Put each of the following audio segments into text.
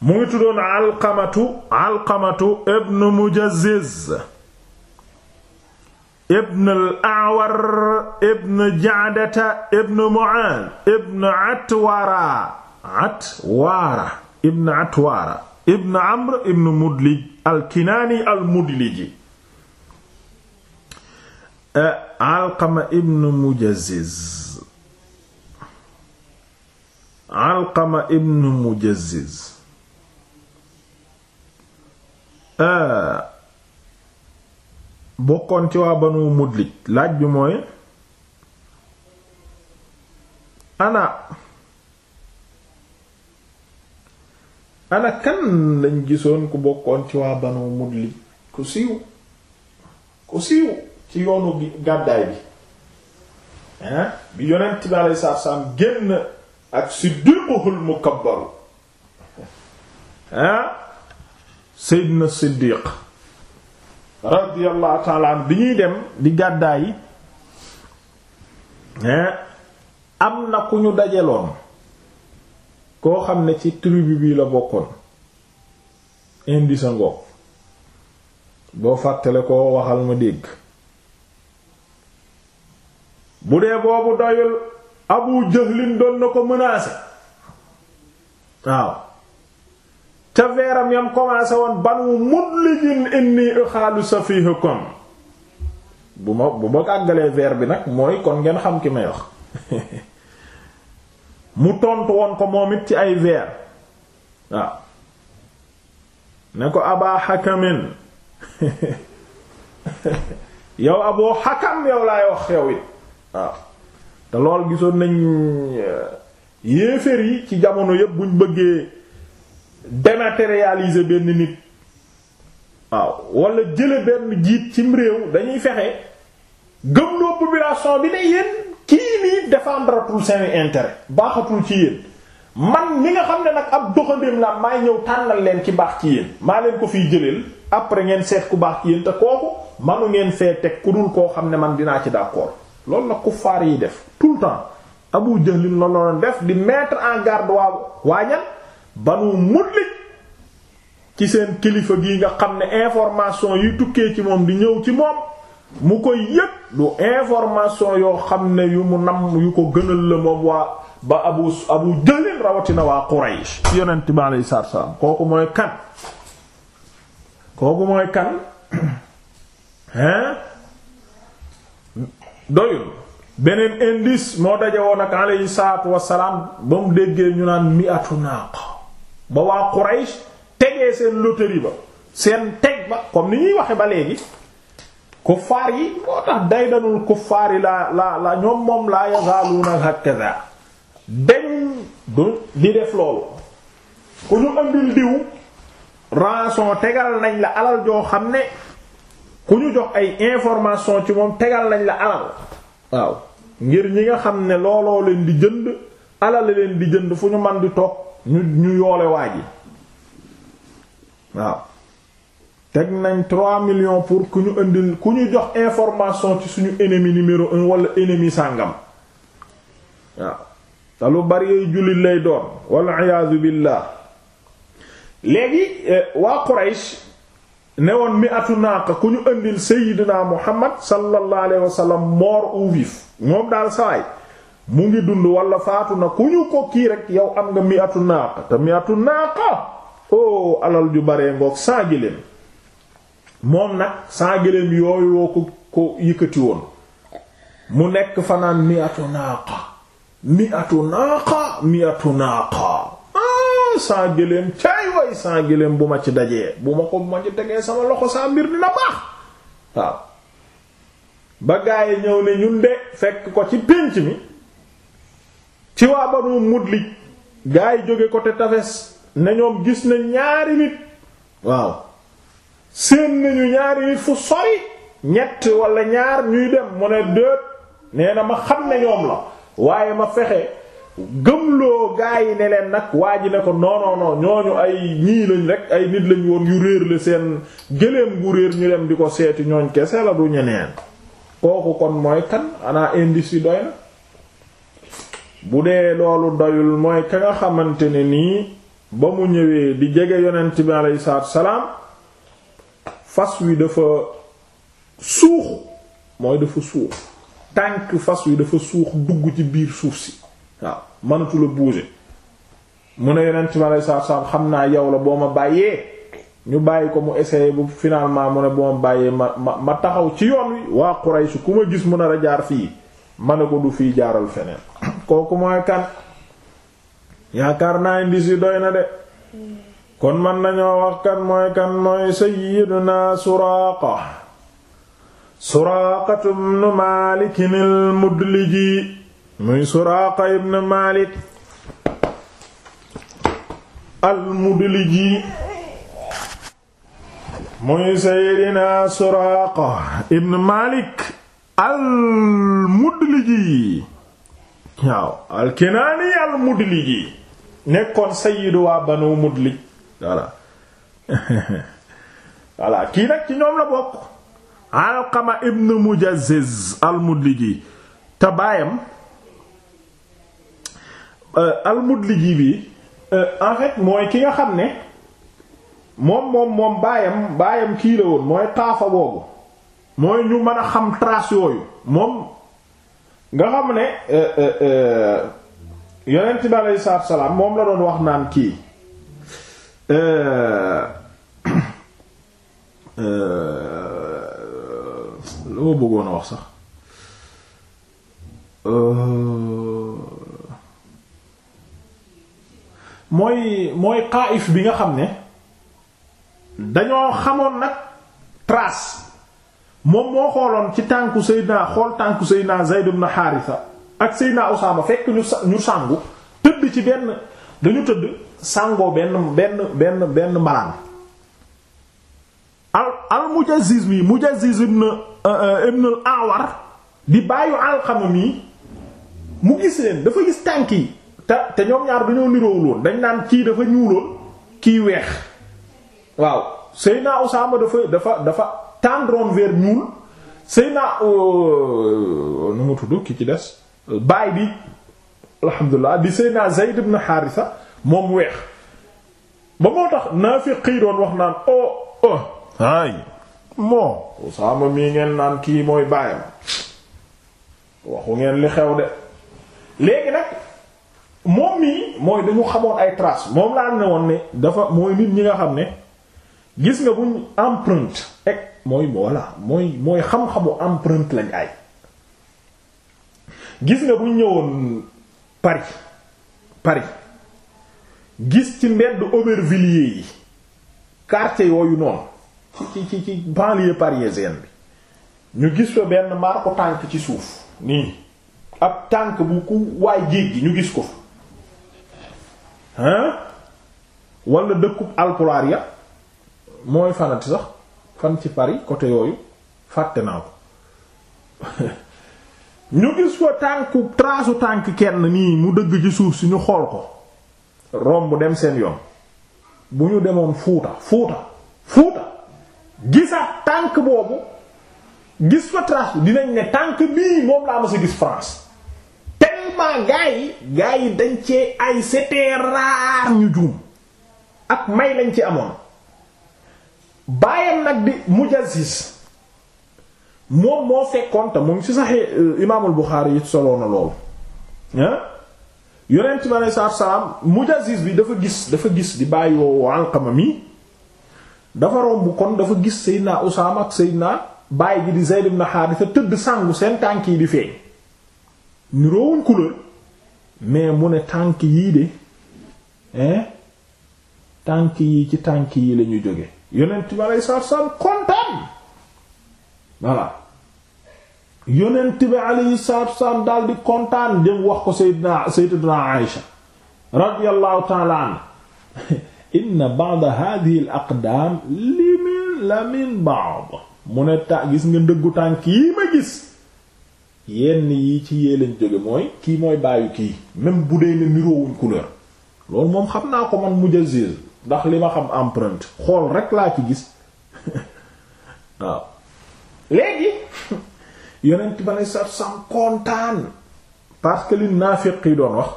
mu ngi tuddoon alqamatu alqamatu ibn mujazziz ibn al-a'war ibn ja'data ibn mu'aaz ibn atwara atwara ibn atwara ibn amr ibn mudlij al-kinaani al-mudliji eh, alqama ibn mujazziz alqama ibn mujazziz Euh, bokkoon ci waa banu mudlij laaj bi mooy ana ana kan lañ gisoon ku bokkoon ci waa mut mudlij ku siiw ku siiw ci yoonu gàddaay bi hein bi yonent bi alayhi salaatu salaam génn ak siddiquhul mukabbaru hein Seydina Siddiq radiyallahu taala an bi ñuy dem di gàddaay yi am na ku ñu dajeloon koo xam ne ci tribu bi la bokkoon indi sa ngoog boo fàttale koo waxal ma dégg bu dee boobu doyul Abu Jahlin doon na ko menacer waaw ca veeram yam commencé woon banu mudlijin inni uxaalu safihukum bu ma bu ma àggalee veer bi nag mooy kon ngeen xam ki may wax mu tontu woon ko moom it ci ay veer waaw ne ko abaa xakamin yow aboo xakam yow laay wax yow it waaw te lool gisoon nañ eh, yéeféer yi ci jamono yépp buñ bëggee dématérialiser benn nit waaw wala jële benn jiit cim réew dañuy fexe gëmloo population bi ne yéen kii nii défendretul seeni intérêt baaxatul ci yéen man mi nga xam ne nag ab doxandéem naa maay ñëw tànnal leen ci baax ci yéen maa leen ko fii jëleel après ngeen seet ku baax ci yéen te kooku manu ngeen fee teg ku dul koo xam ne man dinaa ci d'accord loolu la kuffaar yi def tout le temps Abu Jahl loolu la doon def di mettre en garde waa waa ñan banu mutlik ci seen kilifa gi nga xam ne information yi tukkee ci moom di ñëw ci moom mu koy yëg du information yoo xam ne yu mu nam yu ko gënal la moom waa ba abu abu jalil rawatina waa Quraysh yonent bi alayhi salaatu salaam kooku mooy kan kooku mooy kan hein doyul beneen indice moo daje woon ak alayhi salaatu wassalaam ba mu déggee ñu naan mi atu naaq ba waa Quraysh tegee seen loterie ba seen teg ba comme ni ñuy waxe ba léegi kuffaar yi moo tax day danul kuffaar yi la la la ñoom moom laa yazaaluuna hakaza dañ du di def loolu ku ñu andil diw rançon tegal nañ la alal joo xam ne ku ñu jox ay information ci moom tegal nañ la alal waaw ngir ñi nga xam ne looloo leen di jënd alal leen di jënd fu ñu man di toog ñu ñu yoole waa ji waaw teg nañ trois millions pour ku ñu indil ku ñu jox information ci suñu ennemi numéro un wala ennemi sàngam waaw te lu bari ay jullit lay doon walla iyaazu billaah léegi eh, waa Quraysh ne woon mi atu naaqa ku ñu indil Seyyidina Muhammad sallallahu alayhi wa sallam mort ou moom daal sawaay mu ngi dund walla faatu na ku ñu ko kii rek yow am nga mi atu naaqa te mi atu naaqa oh alal ju baree ngoog saa giléem moom nag saa giléem yooyu woo ko yëkkati woon mu nekk fanaan mi atu naaqa mi atu naaqa mi atu naaqa saa ah, giléem caay way saa giléem bu ma ci dajee bu ma ko bu ma ci tegee sama loxo saa mbir dina baax waaw ba gaay ñëw ne ñun de fekk ko ci pénc mi ci waa banu mudlij gaa yi jóge ko te tafes ne ñoom gis na ñaari nit waaw seen nañu ñaari nit fu sori ñett walla ñaar ñuy dem mu ne déet nee na ma xam ne ñoom la waaye ma fexe gëmloo gaa yi ne leen nag waa ji ne ko non non non ay ñii lañ rek ay nit lañ woon yu réer la seen gëléem gu réer ñu dem di ko seeti ñooñ kese la du ñeneen kooku kon mooy kan ana indice doy na bu dee loolu doyul mooy ka nga xamante ne nii ba mu ñëwee di jege yonent bi aleyhi salaatu salaam fas wi dafa suux mooy dafa suux tànk fas wi dafa suux dugg ci biir suuf si waaw mënatu la mu ne yonent bi aleyhi salaatu salaam xam naa yow la boo ma bàyyee ñu bàyyi ko mu essayer bu finalement mu ne boo ma bàyyee ma ma taxaw ci yoon wi waa Quraysh ku ma gis mu nar a jaar fii ma ne ko du fii jaaral feneen. kooku mooy kan yaakaar naa indice yi doy na de kon mën nañoo wax kan mooy kan mooy sayyiduna suraaqa suraaqatu ibnu maalikin al mudliji muy suraaqa ibnu maalik al mudliji muy sayyidina suraaqa ibnu maalik al mudliji waaw alkinaani al mudliji nekkoon sayyidu waa banu mudlij voilà voilà kii nag ci ñoom la bokk alqama ibn mujazziz al mudliji te baayam euh, al mudliji bi euh, en mooy ki nga xam ne moom moom moom baayam baayam kii la woon mooy taafa boobu mooy ñu mën a xam trace yooyu moom nga xam ne euh, euh, euh, yonent bi aleyhi salaam moom la doon wax naan kii lu ma bëggoon a wax sax mooy mooy xaaif bi nga xam ne dañoo xamoon nag trace moom moo xooloon ci tànku Seydina xool tànku Seydina Zayd na Haarisa ak Seydina Usaama fekk ñu ñu sangu tëdd ci benn dañu tëdd sangoo benn benn benn benn mbalaan al al Mujaziz mi Mujaziz ibn euh, euh, ibn Awar di bàyyu Alqama mi mu gis leen dafa gis tànk yi te te ñoom ñaar dañoo niroowuloon dañ naan kii dafa ñuuloon kii weex waaw Seydina Usaama dafa dafa dafa tendron vers ñuul Seyna euh, nu mu tudd ki ci des baay bi alhamdulilah di Seyna Zayd ibn Haarisa moom weex ba moo tax naafiqi doon wax naan oh oh ay moo Usaama mii ngeen naan kii mooy baayam waxu ngeen li xew de léegi nag moom mii mooy dañu xamoon ay traces moom laa ne woon ne dafa mooy nit ñi nga xam ne gis nga buñ empreinte ek mooy voilà mooy mooy xam-xamu empreinte lañ ay gis nga bu ñëwoon Paris Paris gis ci mbedd Aubervilliers yi quartier yooyu noonu ci ci ci banlieue parisienne bi ñu gis fa benn marque tànk ci suuf nii ab tànk bu ku waay jéggi ñu gis ko fa hein wala dëkkub alpulaar ya mooy fanati sax fan ci Paris côté yooyu fàtte naa ko ñu gis ko tànku trasu tànk kenn nii mu dëgg ci suuf si ñu xool ko romb dem seen yoon bu ñu demoon Fuuta Fuuta Fuuta gisaat tànk boobu gis fa trace dinañ ne tànk bii moom laa ma sa gis France tellement gars yi gars dañ cee ay c'était rare ñu juum ak may lañ ci amoon bàyyam nag di Mujaziz moom moo fekkoon te mu ngi ci Sahih euh, imaamul Buxaari yi solo na loolu ah yonent bi aleyhi salaatu bi dafa gis dafa gis di bàyyoo Alqama mi dafa romb kon dafa gis Seydina Usaama ak Seydina bàyyi ji di Zayd ibn Haarisa tëdd sangu seen tànk yi di feeñ ñu roowuñ mais mu ne tànk yii de tànk yi ci tànk yi lañuy jóge yonent bi aleyhi salaatu kontaan voilà yonent bi aleyhi salaatu salaam di kontaan jëm wax ko sayyidina sayyidatuna Aïsha radiyallahu ta'ala anha inna ba'd hadhihi al limin la min mu ne ta nga ndëggu tànk yi ma gis yenn yi ci yee lañ jóge mooy kii mooy bàyyi kii même bu dee ne niroowuñ couleur loolu moom xam naa ko man mujazziz ndax li ma xam empreinte xool rek laa ci gis waaw léegi yonent ba ne sa kontaan parce que li naafiq yi doon wax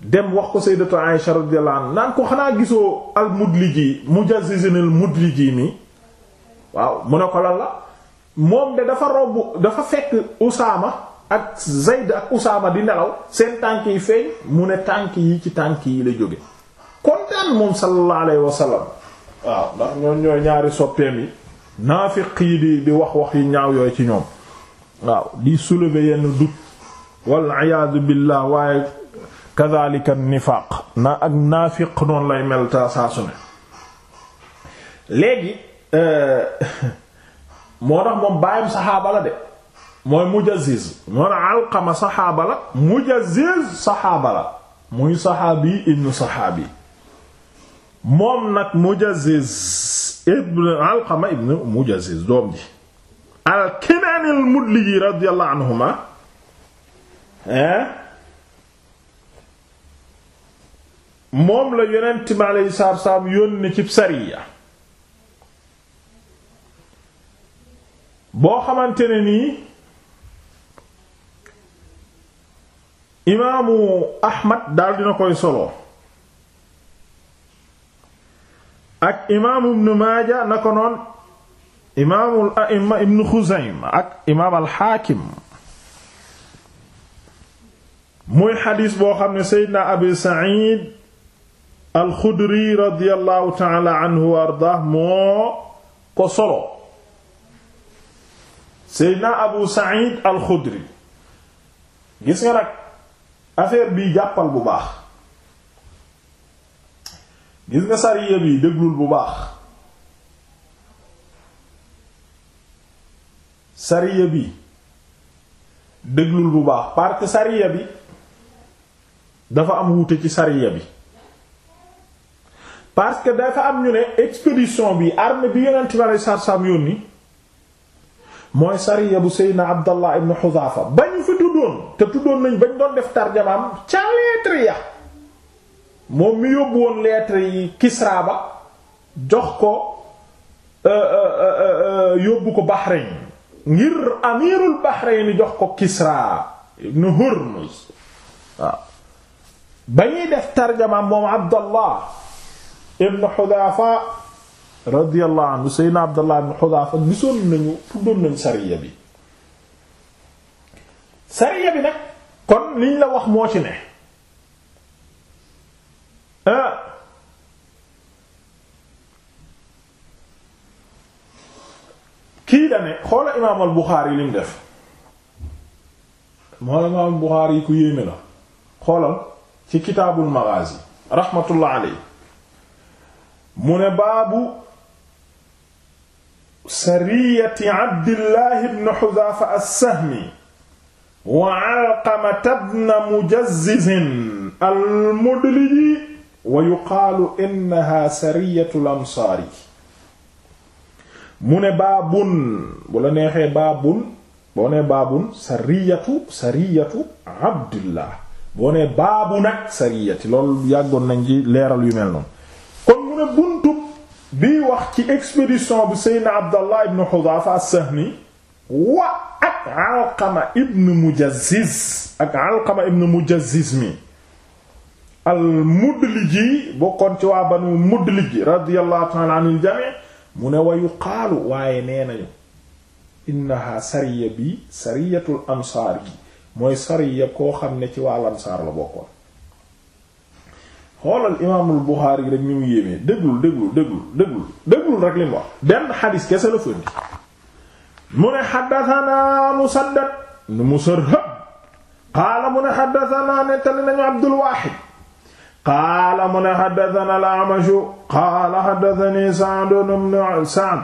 dem wax ko sayyidatu Aisha radiyallahu anha naan ko xanaa gisoo al mudliji mujazzizin al liggéey mi waaw mu ne ko lal la moom de dafa robb dafa fekk Usaama ak Zayd ak Usaama di nelaw seen tànk yi feeñ mu ne tànk yi ci tànk yi la jóge kontaan moom sallallahu alayhi waaw ndax ñoon ñooy ñaari soppeem yi naafiq yi di di wax wax yi ñaaw yooyu ci ñoom waaw di soulever yenn doute wal iyaadu billah waaye kadhalika nifaaq na ak naafiq noonu lay melta saa su ne léegi euh, moo tax moom baayam saxaaba la de mooy mujaziz moo alqama saxaaba la mujaziz saxaaba la muy saxaabi ibnu saxaabi moom nag Mujaziz ibn Alqama ibn Mujaziz doom ji al-Kinani al-Mudliji radiyallahu anhuma moom la yonent bi alayhi salaatu wa salaam yónni sariya boo xamante ne nii imaamu Ahmad daal dina koy solo ak imaamu ibnu maaja na ko noon imaamul aima ibnu xuzayma ak imaam alxaakim muy xadiis boo xam ne seydna abi said alxudri radiallahu taala anhu wa ardah moo ko solo seydna abu said alxudri gis nga nag affaire bii jàppal bu baax gis nga sariya bi déglul bu baax sariya bi déglul bu baax parce que sariya bi dafa am wuute ci sariya bi parce que dafa am ñu ne expédition bi armée bi yonent bi alei satu salaam yónni mooy sariya bu Seydina Abdallah ibn Xudaafa ba ñu fi tuddoon te tuddoon nañ bañ doon def tarjamaam ca lettre ya moom mi yóbbu woon lettre yi Kisra ba jox ko euh, euh, euh, yóbbu ko Bahrain ngir amirul Bahrain jox ko Kisra ibn Hurmuz waaw ba ñuy def tarjama moom Abdallah ibn Hudhafa radiyallahu anhu Seydina Abdallah ibn Hudhafa gisoon nañu tuddoon nañu sariya bi sariya bi nag kon liñ la wax moo ci kii dane xoola imaam al Buxaari lim def moo imaam al Buxaari yi ku yéeme la xoolal ci kitaabul Maghaazi rahmatullah aley mu ne baabu sariyati Abdillahi ibn Hudhaafa as-Sahmi wa Alqamata ibn Mujaziz al-Mudliji wa yuqaalu innahaa sariyatu al-Ansaari mu ne baabun bu la neexee baabun boo ne baabun sariyatu sariyatu abdullah boo ne baabu nag sariyati loolu yàggoon nañ ci leeral yu mel noonu kon mu ne buntub bi wax ci expédition bu seydna abdallah ibnu xudaafa as-sahmi wa ak alqama ibnu mujazziz ak alqama ibnu mujazziz mi al mudliji bokkoon ci waa banu mudliji radiyallahu ta'ala anil jami' mu ne wayu xaalu waaye nee nañu innaha sariya bi sariyatul ansaar mooy sariya koo xam ne ci wàll ansaar la bokkoon xoolal imaamul Buxaari rek ni mu yéemee déglul déglul déglul déglul déglul rek li mu wax benn xadis kese la mu ne nu Musarhab qaala mu ne xaddasanaa nettali nañu Abdul Waaxid qaala mu ne xaddatana al-A'mashu qaala xaddatani Sa'd ibn Sa'd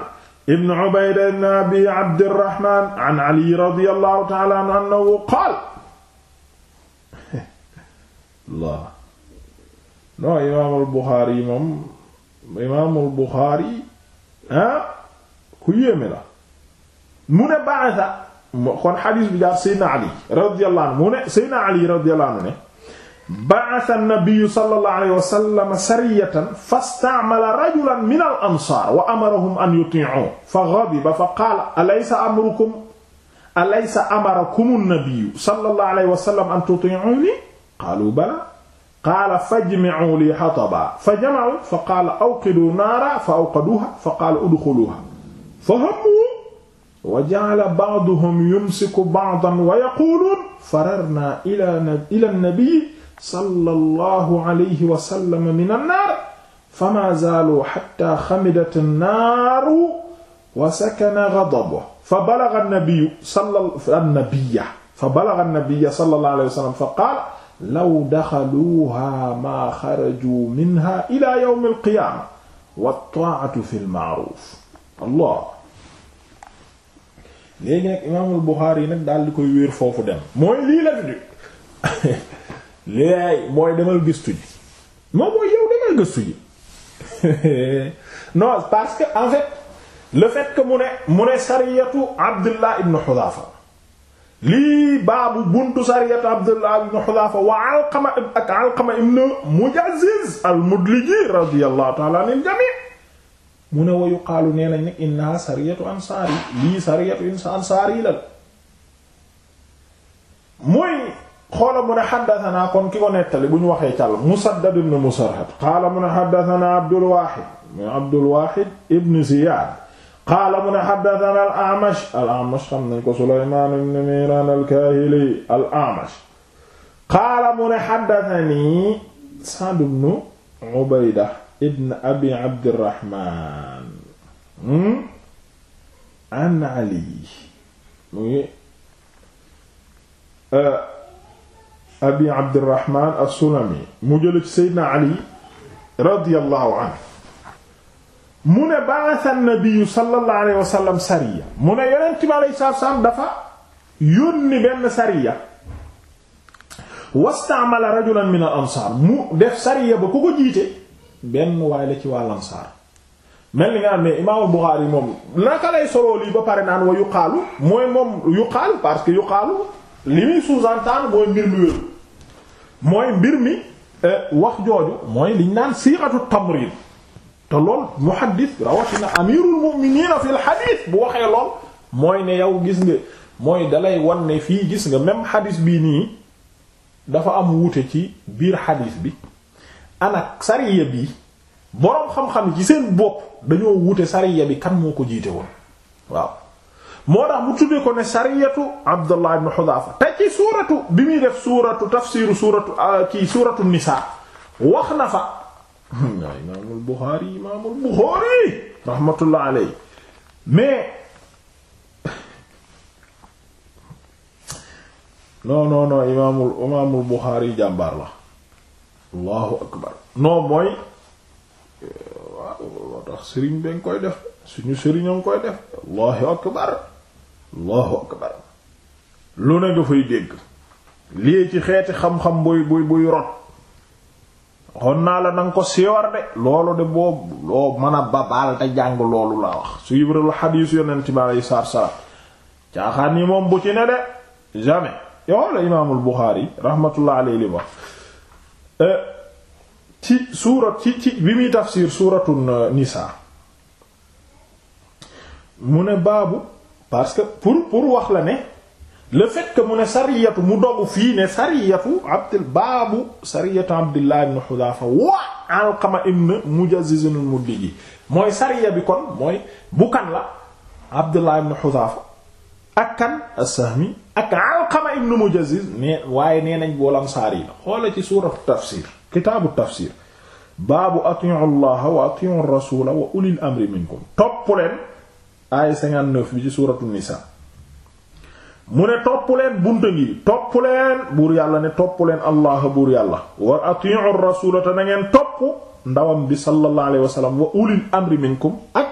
ibn Ubayda ibn Abi Abdirrahman an Ali radiyallahu ta'ala anhu annahu qaala Allah non imaamul Buxaari moom imaamul Buxaari ah ku yéeme la mu ne ba'atha kon xadiis bi jaar Seydina Ali radiyallahu anhu mu ne Seydina Ali radiyallahu anhu ne ba'atha an-nabiyyu sallallahu alayhi wa sallam sariyatan fasta'mala rajulan min al-ansaar wa amarahum an yuti'uhu fa ghadiba fa qaala alaysa amrukum alaysa amarakum an-nabiyyu sallallahu alayhi wa sallam an tuti'uuni qaaluu balaa qaala fajmi'uu lii hataban fajama'uu fa qaala awqiduu naaran fa awqaduuhaa fa qaala udxuluuhaa fa hammuu wa ja'ala ba'duhum yumsiku ba'dan wa yaquuluuna fararnaa ilaa nabiyyi sallallahu alayhi wa sallam min annaar fama zaalu xatta xamidat annaaru wa sakana ghadabuhu fa balagha an-nabiyyu fa balagha an-nabiyyu sallallahu alayhi wa sallam fa qaala law daxaluuhaa maa xarajuu minhaa ilaa yawmi al-qiyaama wat-taa'atu fil ma'ruuf Allah léegi nag imaamul Buxaari nag daal di koy wéer foofu dem mooy lii la léegi mooy demal gëstu mooy yow demal gëstu ji non parce que en fait le que mu ne mu ne sariyatu Abdullah ibn Hudhafa lii baabu buntu sariyatu Abdullah ibn Hudhafa wa Alqama ak Mujazziz al-Mudliji radiyallahu ta'ala anil jami' mu ne wa yuqaalu nee nañ nag innaha sariyatu ansaari lii sariyatu ansaari la xoola mu ne xaddatanaa kon ki ko nettali bu ñu waxee càll musaddad ibn musarhad qaala mu ne xaddatanaa abdulwahid mu abdulwahid ibn ziyad qaala mu ne xaddatanaa al amash al amash xam nañ ko sulayman ibn miran alkaahili al amash qaala mu ne xaddatani sa'd ibn ubayda ibn abi abdirahman hmm? an ali abi abdirahman assulami mu jële seydna ali radiyallahu anhu mu ne ba'atha an-nabi sallallahu sariya mu ne yonent bi alayhi salaatu salaam dafa yónni benn sariya wastaamala rajulan min al mu def sariya ba ku ko jiite benn waay la ci wàll ansaar mel ni nga am ne imaamul moom naka lay soloo lii ba pare naan wa yuqaalu mooy moom yuqaalu parce que yuqaalu li muy sous-entendre mooy mbir mi wéru mooy mbir mi euh, wax jooju mooy liñ naan siixatu tamrid te lool muhaddis rawatina amirul mu'minin fil hadith bu waxee lool mooy ne yow gis nga mooy dalay wan ne fii gis nga même hadith bii nii dafa am wuute ci biir hadith bi anak sariya bi boroom xam-xam ci seen bopp dañoo wuute sariya bi kan moo ko jiite woon waaw moo tax mu ko ne sariyatu Abdullah ibn Hudhafa te suuratu bi muy def suuratu tafsiru suuratu ah, kii suuratu nisaa wax na fa waaw imaamul Buxaari imaamul Buxaari rahmatullah alayhi mais non koy def suñu sëriñoo koy def akbar allahu lu ne nga fay dégg lii ci xeeti xam-xam buy buy buy rot xon naa la nanga ko siwar de loolu de boobu loo mën a babaal te jàng loolu laa wax su yibril xadiis yonent bi aleyhi salaatu caaxaan yi moom bu ci ne de jamais yow la imaamul Buxaari raxmatullah aleyhi li wax eh, ci suurat ci ci bi muy tafsiir suuratun nisaa mu ne baabu parce que pour pour wax la ne le fait que mu ne sariyatu mu dogu fii ne sariyatu abdul baabu sariyatu abdullah ibn xudaafa wa alqama mooy sariya bi kon mooy bu kan la abdullah ibn xudaafa ak kan as-sahmi ak alqama ibn mujaziz ne waaye nee nañ bool ansaar yi la ci suuratu tafsir kitaabu tafsir baabu atiu allaha wa atiu rasula wa ulil amri minkum topp leen aaya 59 bi ci suuratu nisa mu ne topp leen bunta ngi topp leen buur yàlla ne topp leen allah buur yàlla war a rasuula te na ngeen topp ndawam bi sallallahu alayhi wa sallam wa ulil amri minkum ak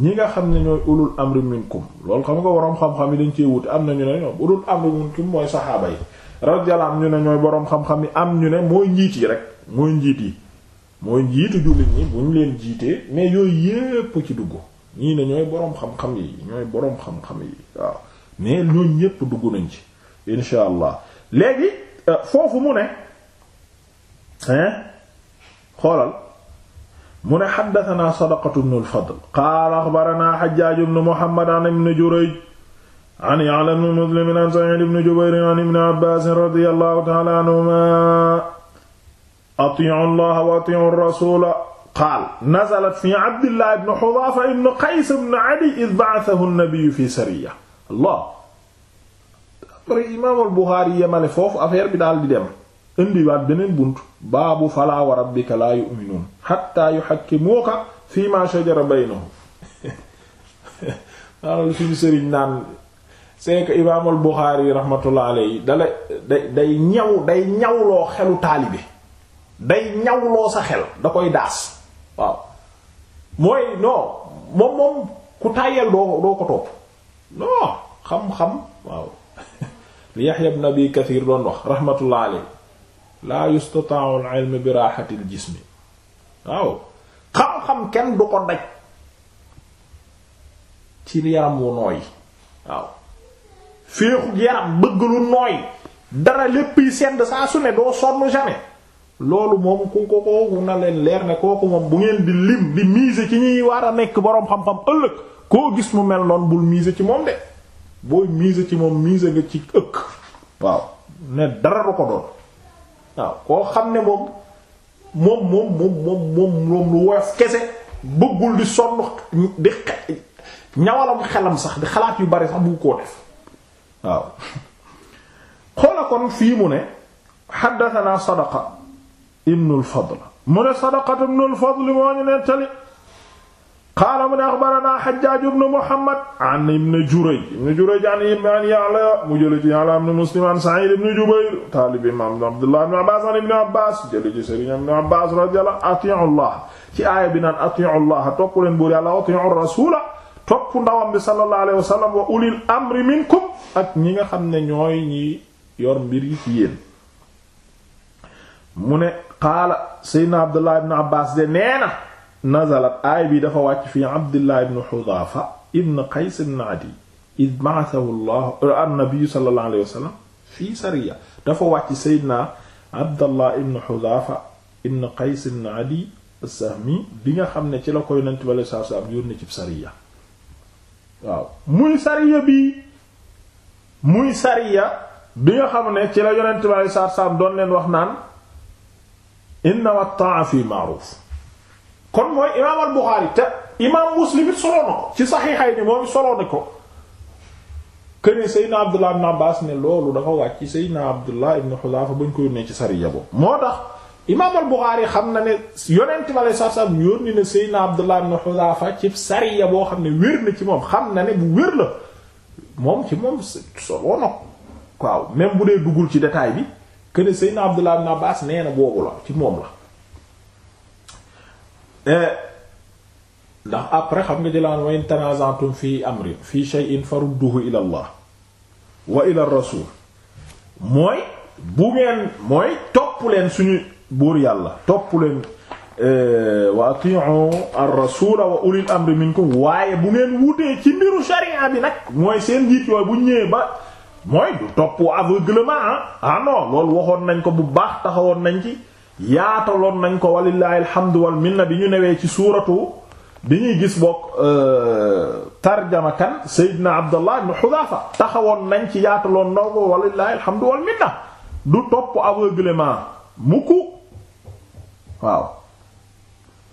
ñi nga xam ne ñooy ulul amri minkum loolu xam nga boroom xam-xam yi dañ ci wuti am na ñu ne ñoom ulul amri minkum mooy saxaaba yi radiyallahu am ñu ne ñooy boroom xam-xam yi am ñu ne mooy njiit yi rek mooy njiit yi mooy njiitu jullit ñi bu ñu leen jiitee mais yooyu yépp ci dugg ñii ne ñooy boroom xam-xam yi ñooy boroom xam-xam yi waaw mais ñooñ ñépp dugg nañ ci insha allah léegi euh, foofu mu ne hein xoolal mu ne xaddatanaa sadaqatu bnu alfadl qaala axbaranaa xajjaaju bnu muhammad an ibni jurayj an ya'la bnu muslim an saciid bnu jubayr an ibni abbaas radiyallahu ta'ala anhumaa atii'u allaha wa atii'u rasuula qaal nazalat fi abdillah ibn xudaafa ibn qays ibn adi id ba'athahu an-nabi fi sariya allah après imaam al-Buxaari yemale foofu affaire bi daal di dem indiwaat beneen bunt baabu falaa wa rabbika laa yu'minuun xatta yuxakkimuuka fii maa shajara baynahum daanal suñu sëriñ naan c'est que imaam al-Buxaari rahmatullah alayhi dala day day ñaw day ñawloo xelu taalibe day ñawloo sa xel da koy daas waaw mooy non moom moom ku tàyyel doo ko topp non xam-xam waaw li Yahya ibn Abi Kathir doon wax rahmatullah alayhi la yustata'u al-ilm bi rahati al-jism waaw xam-xam kenn du ko daj ci yaram wu nooy waaw féexu yaram bëgg lu nooy dara lépp yi sedd saa su ne doo sonn jamais loolu moom ku ko kooku na leen leer ne kooku moom bu ngeen di lim di miser ci ñuy war a nekk boroom xam-xam ëllëg koo gis mu mel noonu bul miser ci moom de booy miser ci moom miser nga ci ëkk waaw ne dara du ko doon waaw koo xam ne moom moom moom moom moom moom moom lu woyof kese bëggul di sonn di ñawalam xelam sax di xalaat yu bari sax bu koo def waaw xoola kon fii mu ne xaddatanaa sadaqa ibnu al-Fadl mu ne Sadaqatu ibnu al-Fadl moo ñu nettali qaala mu ne axbaranaa Hajjaaj ibnu Muhammad an ibnu Jurayj ibnu Jurayj an Ya'la mu jële ci Ya'la ibnu Muslim an Sa'iid ibnu Jubayr taalib imaam Abdullah ibnu Abbaas an ibnu Abbaas jële ci Sëriñ ibnu Abbaas radiyallahu atii'u llaah ci aaya bi naan atii'u llaah topp leen buur Yàlla atii'u rasuula topp ndawam bi sallallahu alayhi wa sallam wa ulil amri minkum ak ñi nga xam ne ñooy ñi yor mbir yi ci yéen mu ne qaala seydna abdullah ibn abbas de nee na nazalat aay bi dafa wàcc fii abdullah ibn xudaafa ibn qays ibn adi id ba'athahu allah euh, annabi sallallahu alayhi wa sallam fii sariya dafa wàcc seydna abdullah ibn xudaafa ibn qays ibn adi as-sahmi bi nga xam ne ci la ko yonent bi alayhi salaatu wa salaam yónni ci sariya waaw muy sariya bi muy sariya bi nga xam ne ci la yonent bi alayhi salaatu wa salaam doon leen wax naan innama taa fi ma'ruf kon mooy imaam al te imaam Muslim it soloo na ci saxiixay ni moom soloo na ko këne Seydina Abdullah ibn ne loolu dafa wàcc Seydina Abdullah ibn Xudaafa ba ko yónnee ci sariya boobu moo tax imaam al Buxaari xam na ne yonent bi aleyhi salaatu salaam yónni ne Seydina Abdullah ibn Xudaafa ci sariya boo xam ne wér na ci moom xam na ne bu wér la moom ci moom soloo na waaw même bu dee duggul ci détail bi këne Seydina Abdullah ibn Abbas nee na boobu la ci moom la eh, ndax après xam nga jëlaan wa in tanaza'tum fi amrin fi shay'in farudduhu ila Allah wa ila rasul mooy bu ngeen mooy topp leen suñu buur yàlla topp leen eh, wa ati'u ar wa ulil amri minkum waaye bu ngeen wutee ci mbiru sharia bi nag mooy seen njiit yooyu bu ñëwee ba mooy du topp aveuglement ah ah non loolu waxoon nañ ko bu baax taxawoon nañ ci yaataloon nañ ko walillahi alhamdu wal minna bi ñu newee ci suuratu bi ñuy gis bokk euh, tarjama kan Seydina Abdallah ibn Hudhafa taxawoon nañ ci yaataloon na ko walillahi alhamdu wal du topp aveuglement mukk waaw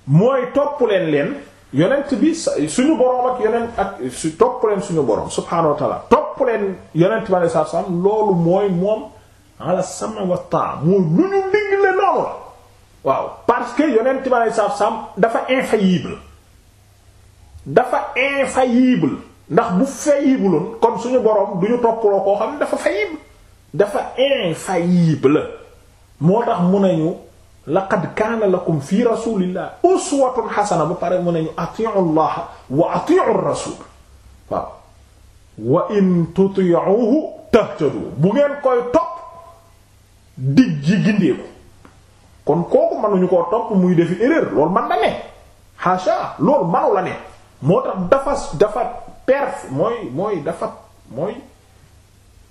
mooy topp leen leen. yonent bi suñu boroom ak yonent ak su topp leen suñu boroom subhaanahu wa ta'ala topp leen yonent bi alayhi salaam loolu mooy moom ala sama wa taa mooy lu ñu digle noonu la waaw parce que yonent bi alayhi salaam dafa infaillible dafa infaillible ndax bu faillible kon suñu boroom du ñu topploo koo xam ne dafa faillible dafa infaillible moo tax mu nañu laqad kaana lakum fi rasulillah uswatun xasana ba pare mu nañu atiu allah wa atiu rasul wa in tutiuhu tahtadu bu ngeen koy topp dig ji gindeeku kon kooku mënuñu koo topp muy defi erreur loolu man na ne loolu manu la ne moo tax dafa dafa perf mooy mooy dafa mooy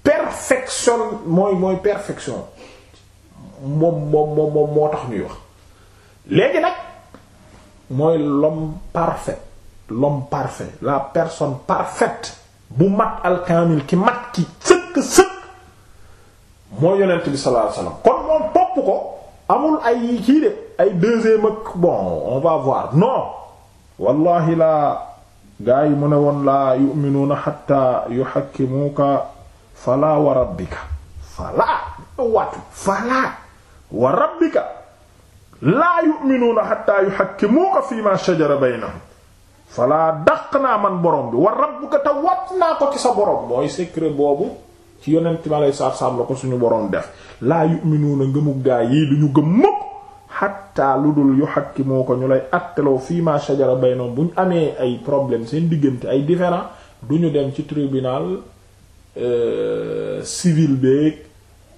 perfection mooy mooy perfection moom moom moom moom moo tax ñuy wax léegi nag mooy l'homme parfait l'homme parfait la personne parfaite bu mat alkaamil ki mat ki sëkk sëkk mooy yonent bi sallallahu alayhi wasallam kon moom topp ko amul ay kii de ay deuxième ak bon on va voir non wallahi laa gaa yi mu ne woon laa yu'minuuna hatta yuhakkimuuka falaa wa rabbika falaa waatu falaa wa rabbika laa yu'minuuna hattaa yuhakkimuuka fiimaa shajara baynahum falaa daq naa man borom bi wa rabbuka te wat naa ko ci sa borom mooy secret boobu ci yonent ma lay saab-saab la ko suñu borom def laa yu'minuuna ngëmu gaa yi duñu gëm mukk xattaa lu dul yuhakkimu ko ñu lay atteloo fiimaa shajara baynahum bu ñu amee ay problème seen diggante ay différend duñu dem ci tribunal euh, civil beeg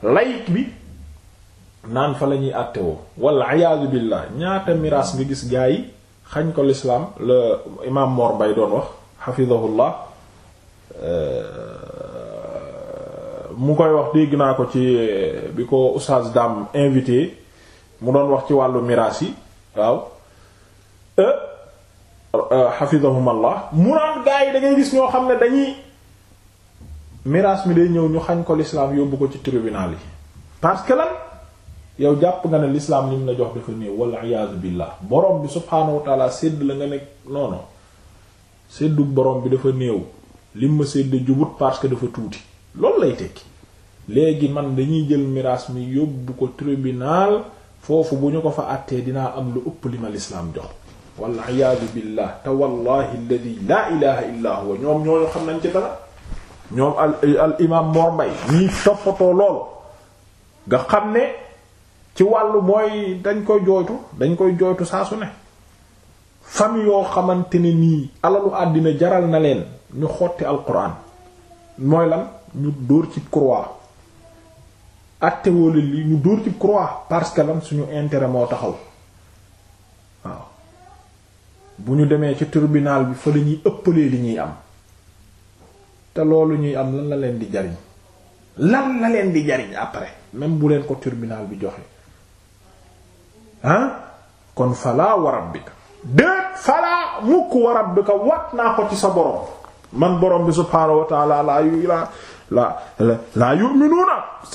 laïc bi naan fa la ñuy àttewoo wala ayaazu billah ñaata miraas nga gis gaa yi xañ ko lislaam la imaam Mor Mbay doon wax xafidahullah euh, mu koy wax dégg naa ko ci euh, bi ko Oustaz Dame invité mu doon wax ci wàllu miraas yi waaw euh, xafidahumallah mu naan gaa yi da gis ñoo xam ne dañuy miraas mi day ñëw ñu xañ ko lislaam yóbbu ko ci tribunal yi parce lan yow jàpp nga ne l'islam lim la jox dafa néew wala iyaazu billah borom bi subhaanahu wa taala sédd la nga nekk non non borom bi dafa néew lim ma sédd jubut parce que dafa tuuti loolu lay tekki léegi man dañuy jël miraas mi yóbbu ko tribunal foofu bu ñu ko fa àttee dinaa am lu ëpp li ma l'islam jox wala iyaazu billah te wallahi alladi laa ilaha ñoom ñooñu xam nañ ci dara ñoom al al imam Mor Mbaye ñiy toppatoo loolu nga xam ne ci wàllu mooy dañ koy jooytu dañ koy jooytu saa su ne fam yoo xamante ne nii alalu àddina jaral na leen ñu xotti alquran mooy lan ñu dóor ci croix atte wóole li ñu dóor ci croix parce que lan suñu intérêt moo taxaw waaw bu ñu demee ci tribunal bi fa la ñuy ëppalee li ñuy am te loolu ñuy am lan la leen di jariñ lan la leen di jariñ après même bu leen ko tribunal bi joxe ah kon falaa wa rabbika déet falaa mukk wa rabbika wat naa ko ci sa borom man borom bi subhaanahu wa laa yu laa la laa yu'minuuna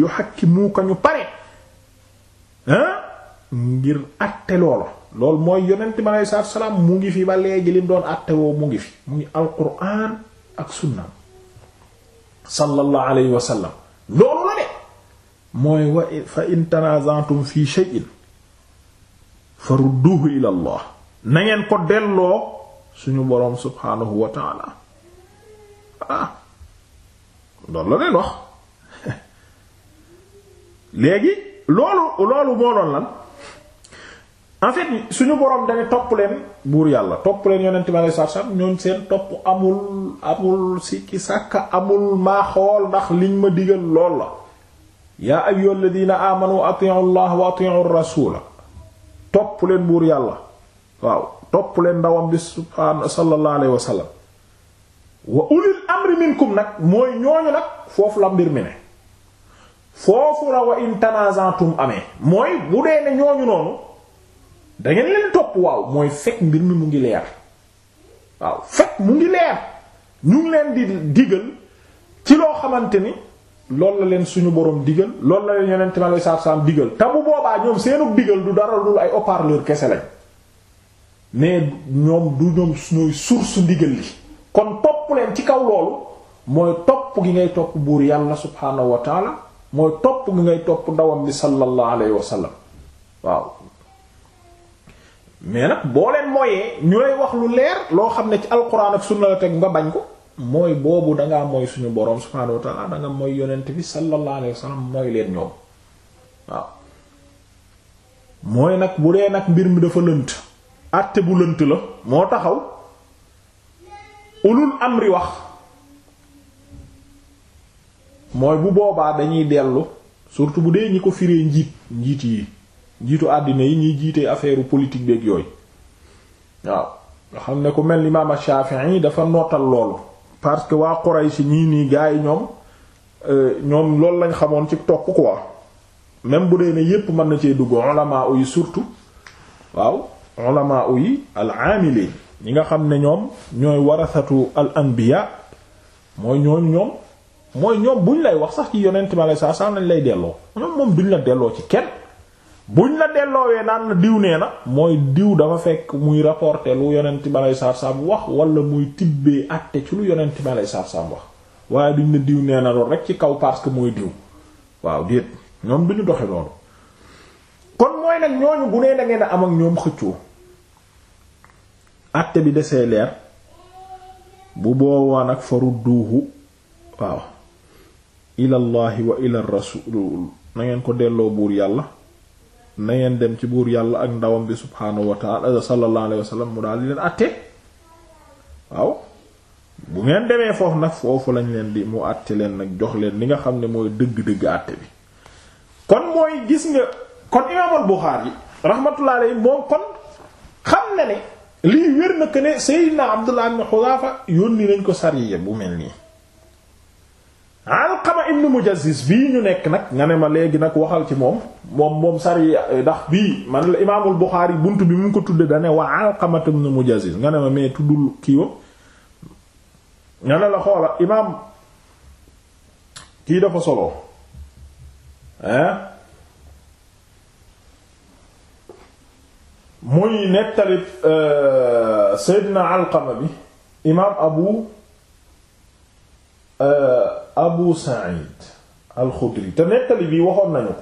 yu xakki ñu pare ah ngir àtte loolu loolu mooy yonent bi aleyhi salaatu mu ngi fi ba léegi lim doon àtte woo mu ngi fi mu ngi alquran ak sunna sallallahu loolu la de mooy wa fa in tanaza'tum fi shay'in farudduhu ila allah na ngeen ko delloo suñu boroom subhaanahu wa ta'ala ah loolu la leen wax léegi loolu loolu moo doon lan en fait suñu boroom dañu topp leen buur yàlla topp leen yonent mi alayhi salaatu salaam ñoom seen topp amul amul sikki sàkk amul maa ndax liñ ma digal lool la yaa ayyuha alladina amanu atiu llah wa atiu rasula topp leen buur yàlla waaw topp leen ndawam bi subhaana sallallahu alayhi wa sallam wa ulil amri minkum nag mooy ñooñu nag foofu la mbir mi ne foofu la wa in tanaza'tum amee mooy bu dee ne ñooñu noonu da leen topp waaw mooy fekk mbir mi mu ngi leer waaw fekk mu ngi leer ñu ngi leen di digal ci loo xamante ni loolu la leen suñu borom digal loolu la leen yonent mi alayhi salaatu salaam digal te boobaa ñoom seenu digal du dara dul ay haut kese lañ mais ñoom du ñoom ñooy source ndigal li kon topp leen ci kaw loolu mooy topp gi ngay topp buur yàlla subhaanahu wa taala mooy topp gi ngay topp ndawam bi sallallahu alayhi wa sallam waaw mais nag boo leen mooyee ñu lay wax lu leer loo xam ne ci alquran ak sunna la teg nga bañ ko mooy boobu dangaa mooy suñu boroom subhaanahu wa danga mooy yonent bi sallallahu alayhi wa sallam mooy leen ñoom waaw mooy nag bu dee nag mbir mi dafa lënt àtte bu lënt la moo taxaw ulul amri wax mooy bu boobaa dañuy dellu surtout bu dee ñi ko firee njiit njiit yi njiitu àddina yi ñuy jiitee affaire politique beeg yooyu waaw nga xam ne ku mel ni imaam Shafi'i dafa nootal loolu parce que waa Quraysh ñii nii gars yi ñoom euh, ñoom loolu lañ xamoon ci topp quoi même bu dee ne yépp mën na cee dugg ulama yi surtout waaw ulama yi al amilin ñi nga xam ne ñoom ñooy warasatu al anbiya mooy ñoom ñoom mooy ñoom ñu lay wax sax ci yonent ma lay saa saa lañ lay delloo ñoom moom duñ la delloo ci kenn buñ la delloowee naan la diw nee na mooy diw dama fekk muy rapporter lu yonent ma aleyhi salaatu salaam wax wala muy tibbee àtte ci lu yonent bi aleyhi salaatu salaam wax waaye duñ la diw nee na loolu rek ci kaw parce que mooy diw waaw déet ñoom bi ñu doxe loolu kon mooy nag ñooñu bu nee da ngeen a am ak ñoom xëccoo àtte bi desee leer bu boobaa nag farudduuhu waaw ilallahi wa ilar rasul ko delloo buur yàlla na ngeen dem ci buur yàlla ak ndawam bi subhaanahu wa ta'ala sallallahu alayhi mu daal di leen àtte waaw bu ngeen demee foofu nag foofu lañ leen di mu àtte leen nag jox leen li nga xam ne mooy dëgg-dëgg àtte bi kon mooy gis nga kon imaamul Buxaari rahmatullahi alayhi moom kon xam na ne lii wér na que ne Seydina Abdullah ibn Xudaafa yónni nañ ko sariya bu mel nii Alqama ibn Mujaziz bii ñu nekk nag nga ne ma léegi nag waxal ci moom moom moom sari ndax bii man la imaamul Buxaari bunt bi mu ko tuddee dane waa Alqama ibn Mujaziz nga ne ma mais tuddul kiiwam nga ne la xoola imaam kii dafa solo muy nettali euh, Seydina Alqama bi imaam Abu euh, abu sa'id alxudri te nettali bi waxoon nañu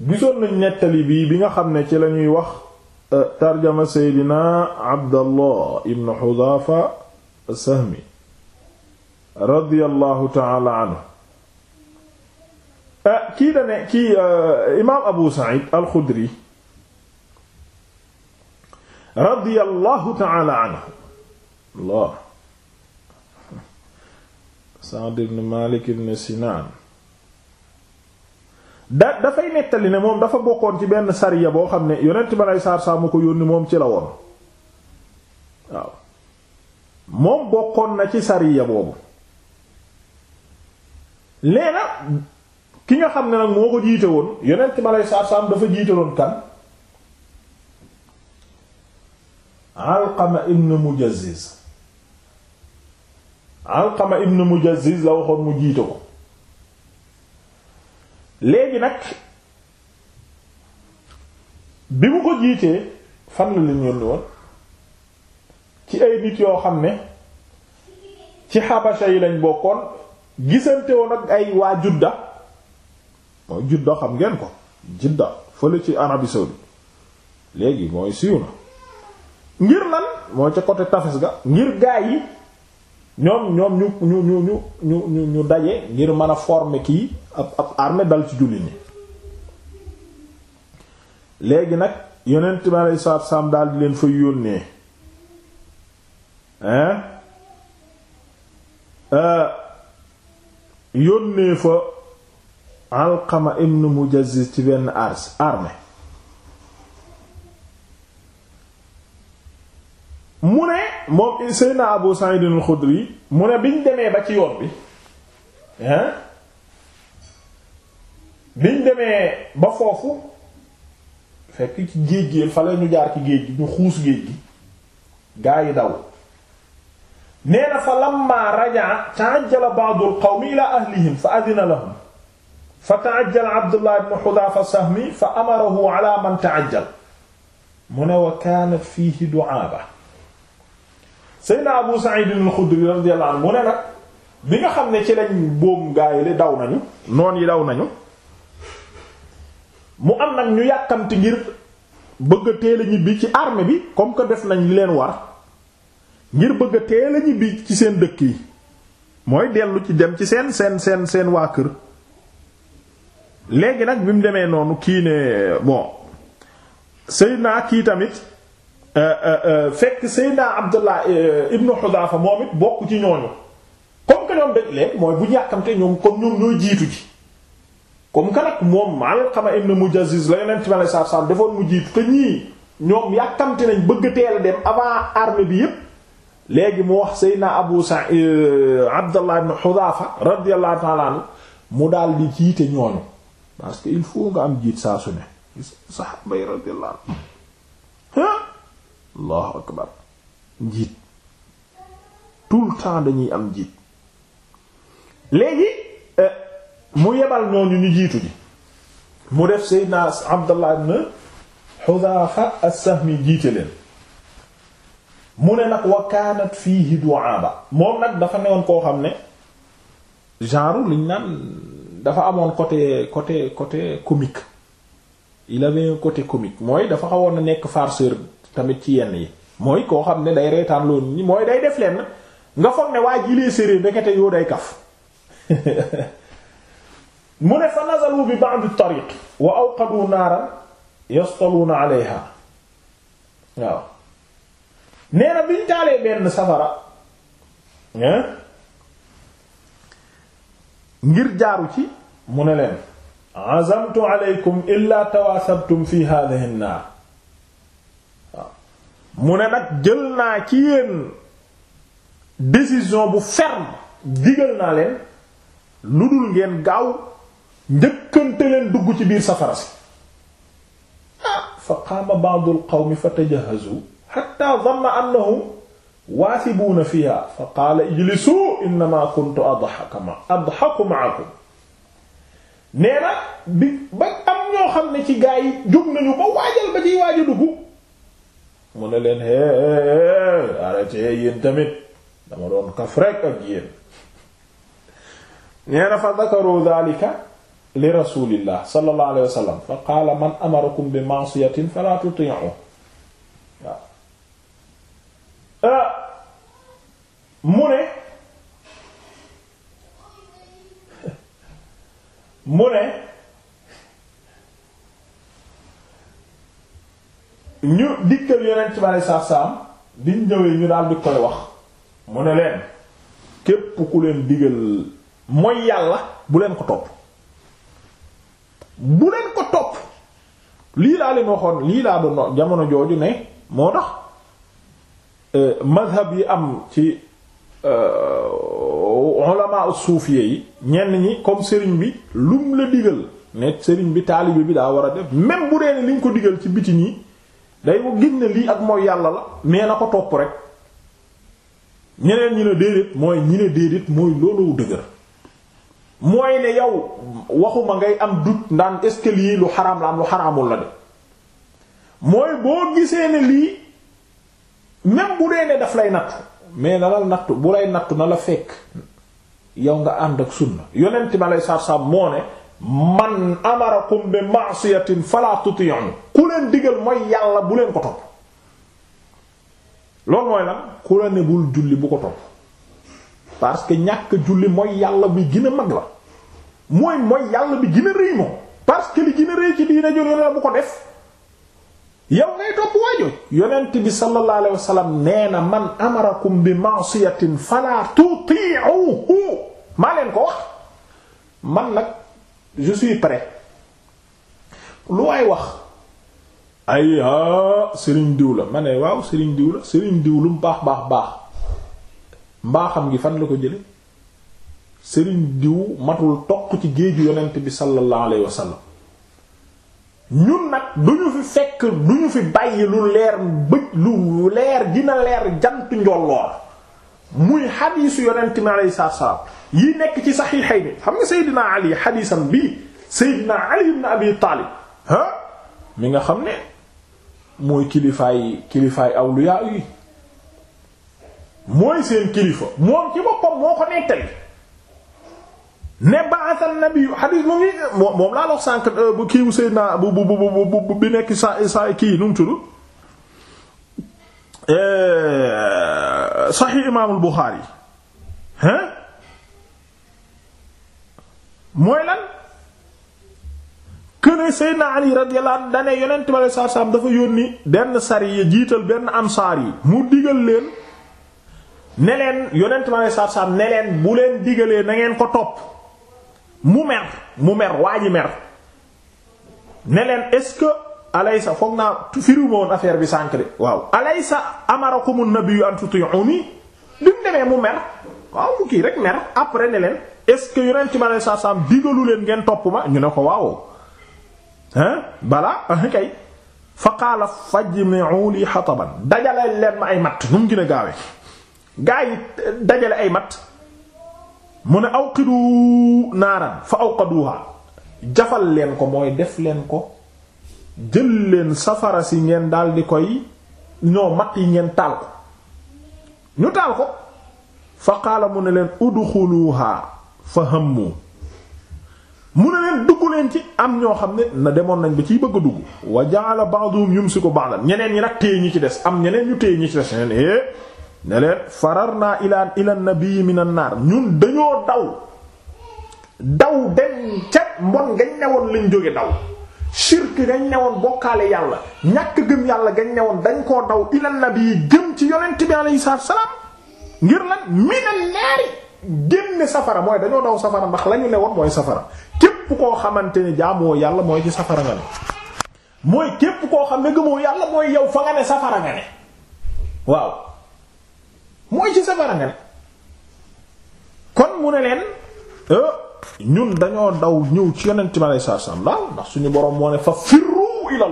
ko hein bi nga xam ne ci lañuy wax euh, tarjama seydina abdallah ibn xudaafa sahmi radiyallahu taala anhu euh, kii dane euh, abu sa'id alxudri radiyallahu taala anhu Sa'd ibn Malik ibn Sinaan da dafay nettali ne moom dafa bokkoon ci benn sariya boo xam ne yonent ba lay saar saa mu ko yónni moom ci la woon waaw moom bokkoon na ci sariya boobu nee ki nga xam ne nag moo ko jiite woon yonent ba lay saar saam dafa jiite woon kan Alqama ibn Mujazziz Alqama ibn Mujazziz la waxoon mu jiite ko léegi nag bi mu ko jiitee fan la leen yónni woon ci ay nit yoo xam ne ci xabasa yi lañ bokkoon gisante woon ak ay waa Judda mooy Judda xam ngeen ko Judda fële ci Arabie saoudite léegi mooy siiw na ngir lan mooy ca côté tafes ga ngir gaay yi ñoom ñoom ñu ñu ñu ñu ñu ñu ñu daje ngir man a forme kii ab ab armée dal ci julli ñi léegi nag yonent bi aleyhi salaatu salaam daal di leen fa yónnee hein euh, yónnee fa Alqama ibn Mujazziz ci wenn ars armée mu ne moom Seydina Abu Sa'id al mu ne biñ demee ba ci yoon bi hein demee ba foofu fekk ci géej gi fa ñu jaar ci géej gi ñu xuus géej gi gaa yi daw nee na fa lamma raja'a ta'ajjala ba'du al-qawmi ila ahlihim fa adina lahum fa ta'ajjala Abdullah ibn Hudhafa sahmi fa amarahu ala man ta'ajjala mu ne wa kaanat fiihi du'aaba Seydina Abu Sa'id al-Khudri radiyallahu anhu nag bi xam ne ci lañ boom gaay li daw nañu noon yi daw nañu mu am nag ñu yàkkamti ngir bëgg a ñibbi ci armée bi comme que def nañ li leen war ngir bëgg a teel a ñibbi ci seen dëkk yi mooy dellu ci dem ci seen seen seen seen waa kër léegi nag bi mu demee noonu kii ne bon Seydina kii tamit Euh, euh, euh, fekk Seydina Abdullah ibnu Xudaafa moom it bokk ci ñooñu comme que ñoom dañ leen mooy bu ñu yàkkamte ñoom comme ñoom ñooy jiitu ji comme que nag moom a ibnu Mujazziz la Yonent bi sallallahu alayhi wa defoon mu jiitu te ñii ñoom yàkkamte nañ bëgg teel dem avant armée bi yëpp léegi mu wax Seydina Abu Sa'id Abdullah ibnu Xudaafa radiyallahu ta'ala anhu mu daal di jiite ñooñu parce que il faut nga am jiit saa su ne saxaaba yi radiyallahu anhu allahu akbar njiit tout le temps dañuy am njiit léegi euh, mu yebal ñooñu ñu jiitu ji mu def Seydina Abdallah ibn Hudhafa as-Sahmi jiite leen mu ne nag wa kaanat fiihi du'aba moom nag dafa newoon koo xam ne genre luñ naan dafa amoon côté côté côté comique il avait un côté comique mooy dafa xawoon na nekk farceur tamit ci yenn yi mooy koo xam ne day reetaan loolu ñi mooy day def leen nga foog ne waa jilee séeréer ndekete yoo day kaf mu ne fa nazalu bi ba'd tariq wa waaw nee na biñ taalee benn safara ngir jaaru ci mu ne leen azamtu alaykum illa tawaasabtum fi hadhihi an mu ne nag jël naa ci yéen décision bu ferme digal naa leen lu dul ngeen gaaw njëkkante leen dugg ci biir safara si ah fa qaama ba'du al-qawmi fatajahazu hatta dhanna annahum waasibuuna fiha fa qaala ijlisu innama kuntu adhaku ma adhaku ma'akum nee na bi ba am ñoo xam ne ci gaa yi jóg nañu ba waajal ba ciy waaj a mu ne leen hee arrêté yéen tamit dama doon kaf rek ak yéen nee na fa dakaru daalika li rasulillah sallallahu alayhi wa sallam fa qaala man amarakum bi ma'siyatin fala tuti'u waaw ah, mu ne mu ne ñu dikkal yonent bi alei saatu salaam diñ ñëwee ñu daal di koy wax mu ne leen képp ku leen digal mooy yàlla bu leen ko topp bu leen ko topp lii laa leen waxoon lii laa doon jamono jooju ne moo tax euh, mazhab yi am ci euh, ulama suufiye yi ñenn ñi comme sëriñ bi lum la digal ne sëriñ bi taalibe bi daa war a def même bu dee ne liñ ko digal ci biti nii day ko gis ne lii ak mooy yàlla la mais na ko topp rek ñeneen ñi ne déedéet mooy ñi ne déedéet mooy loolu dëgër mooy ne yow waxuma ngay am doute ndaan est-ce que lu xaraam la am lu xaraamul la de mooy boo gisee ne lii même bu dee ne daf lay nattu mais na la nattu bu lay nattu na la fekk yow nga ànd ak sunna yonent ma lay sarsam moo ne man amarakum bi ma'siyatin fala tuti'u ku leen que ñàkk julli yàlla bi gën a mag que li ko def yow ngay maa leen ko wax man nag je suis lu ay wax ay a ah, sëriñ diw la ma waaw sëriñ diw la sëriñ diw lu mu baax baax baax mbaaxam gi fan la ko jële sëriñ diw matul toq ci géeju yonent bi sallallahu alayhi wa ñun nag du ñu fi fekk du ñu fi bàyyi lu leer bëj lu leer dina leer jant njolloor muy xadiisu yonent mi alayhi salaam yi nekk ci saxiixay bi xam nga Ali xadiisam bii Seydina Ali ibn Abi Taalib ah mi nga xam ne mooy kilifaay kilifaay awliya mooy seen kilifa moom ci boppam moo ko nettali ne ba'atha an-nabi moom laa wax sànq euh, bu kiiwu Seydina bi nekk sa sa kii nu euh, saxiix Imaamul Buxaari hein mooy lan këne Seydina Ali radiyallahu anhu dane yonent bi saa dafa yónni benn sar sariya jiital benn ansaar yi mu digal leen ne yonent bi saa saam bu leen digalee na ngeen ko topp mu mer mu mer waa ji mer ne leen est-ce que alaysa foog naa firiwuma woon affaire bi sànq de waaw alaysa amarakumun nabiyyu an tuti'uni bi mu demee mu mer waaw mu kii rek mer après ne leen est-ce que ci bi saa salaatu digalu leen ngeen topp ma ñu ne ko waaw hein balaa kay fa qaala fajmi'u li xataban dajale leen ma ay matt nu mu gën a gaa yi dajale ay matt mu ne awqidu naaran fa awqaduha jafal leen ko mooy def leen ko jël leen safara si ngeen daal di koy ñoo mat yi ngeen taal ko ñu taal ko fa qaala mu ne leen udxuluha fa hammu mu ne leen dugg leen ci am ñoo xam ne na demoon nañ ba ciy bëgg a dugg wa ja'ala ko baax ba'dan ñeneen ñi nag téye ñi ci des am ñeneen ñu téye ñi ci des ñeneen eh ne leen farar naa ilaan ilan nabii minan naar ñun dañoo daw daw dem ca mbon gañ newoon lañ jóge daw shirk gañ newoon bokkaale yàlla ñàkk gëm yàlla gañ newoon dañ koo daw ilan nabii jëm ci yonent bi alayhi salaam ngir lan minan génne safara mooy dañoo daw safara ndax la ñu newoon mooy safara képp koo xamante ne jaamoo yàlla mooy ci safara nga ne képp koo xam ne gëmoo yàlla mooy yow fa nga ne safara nga ne waaw mooy ci safara nga ne kon mu ne leen euh, ñun dañoo daw ñëw ci yonent mi alayhi salaam daal ndax suñu borom moo ne fa firru ila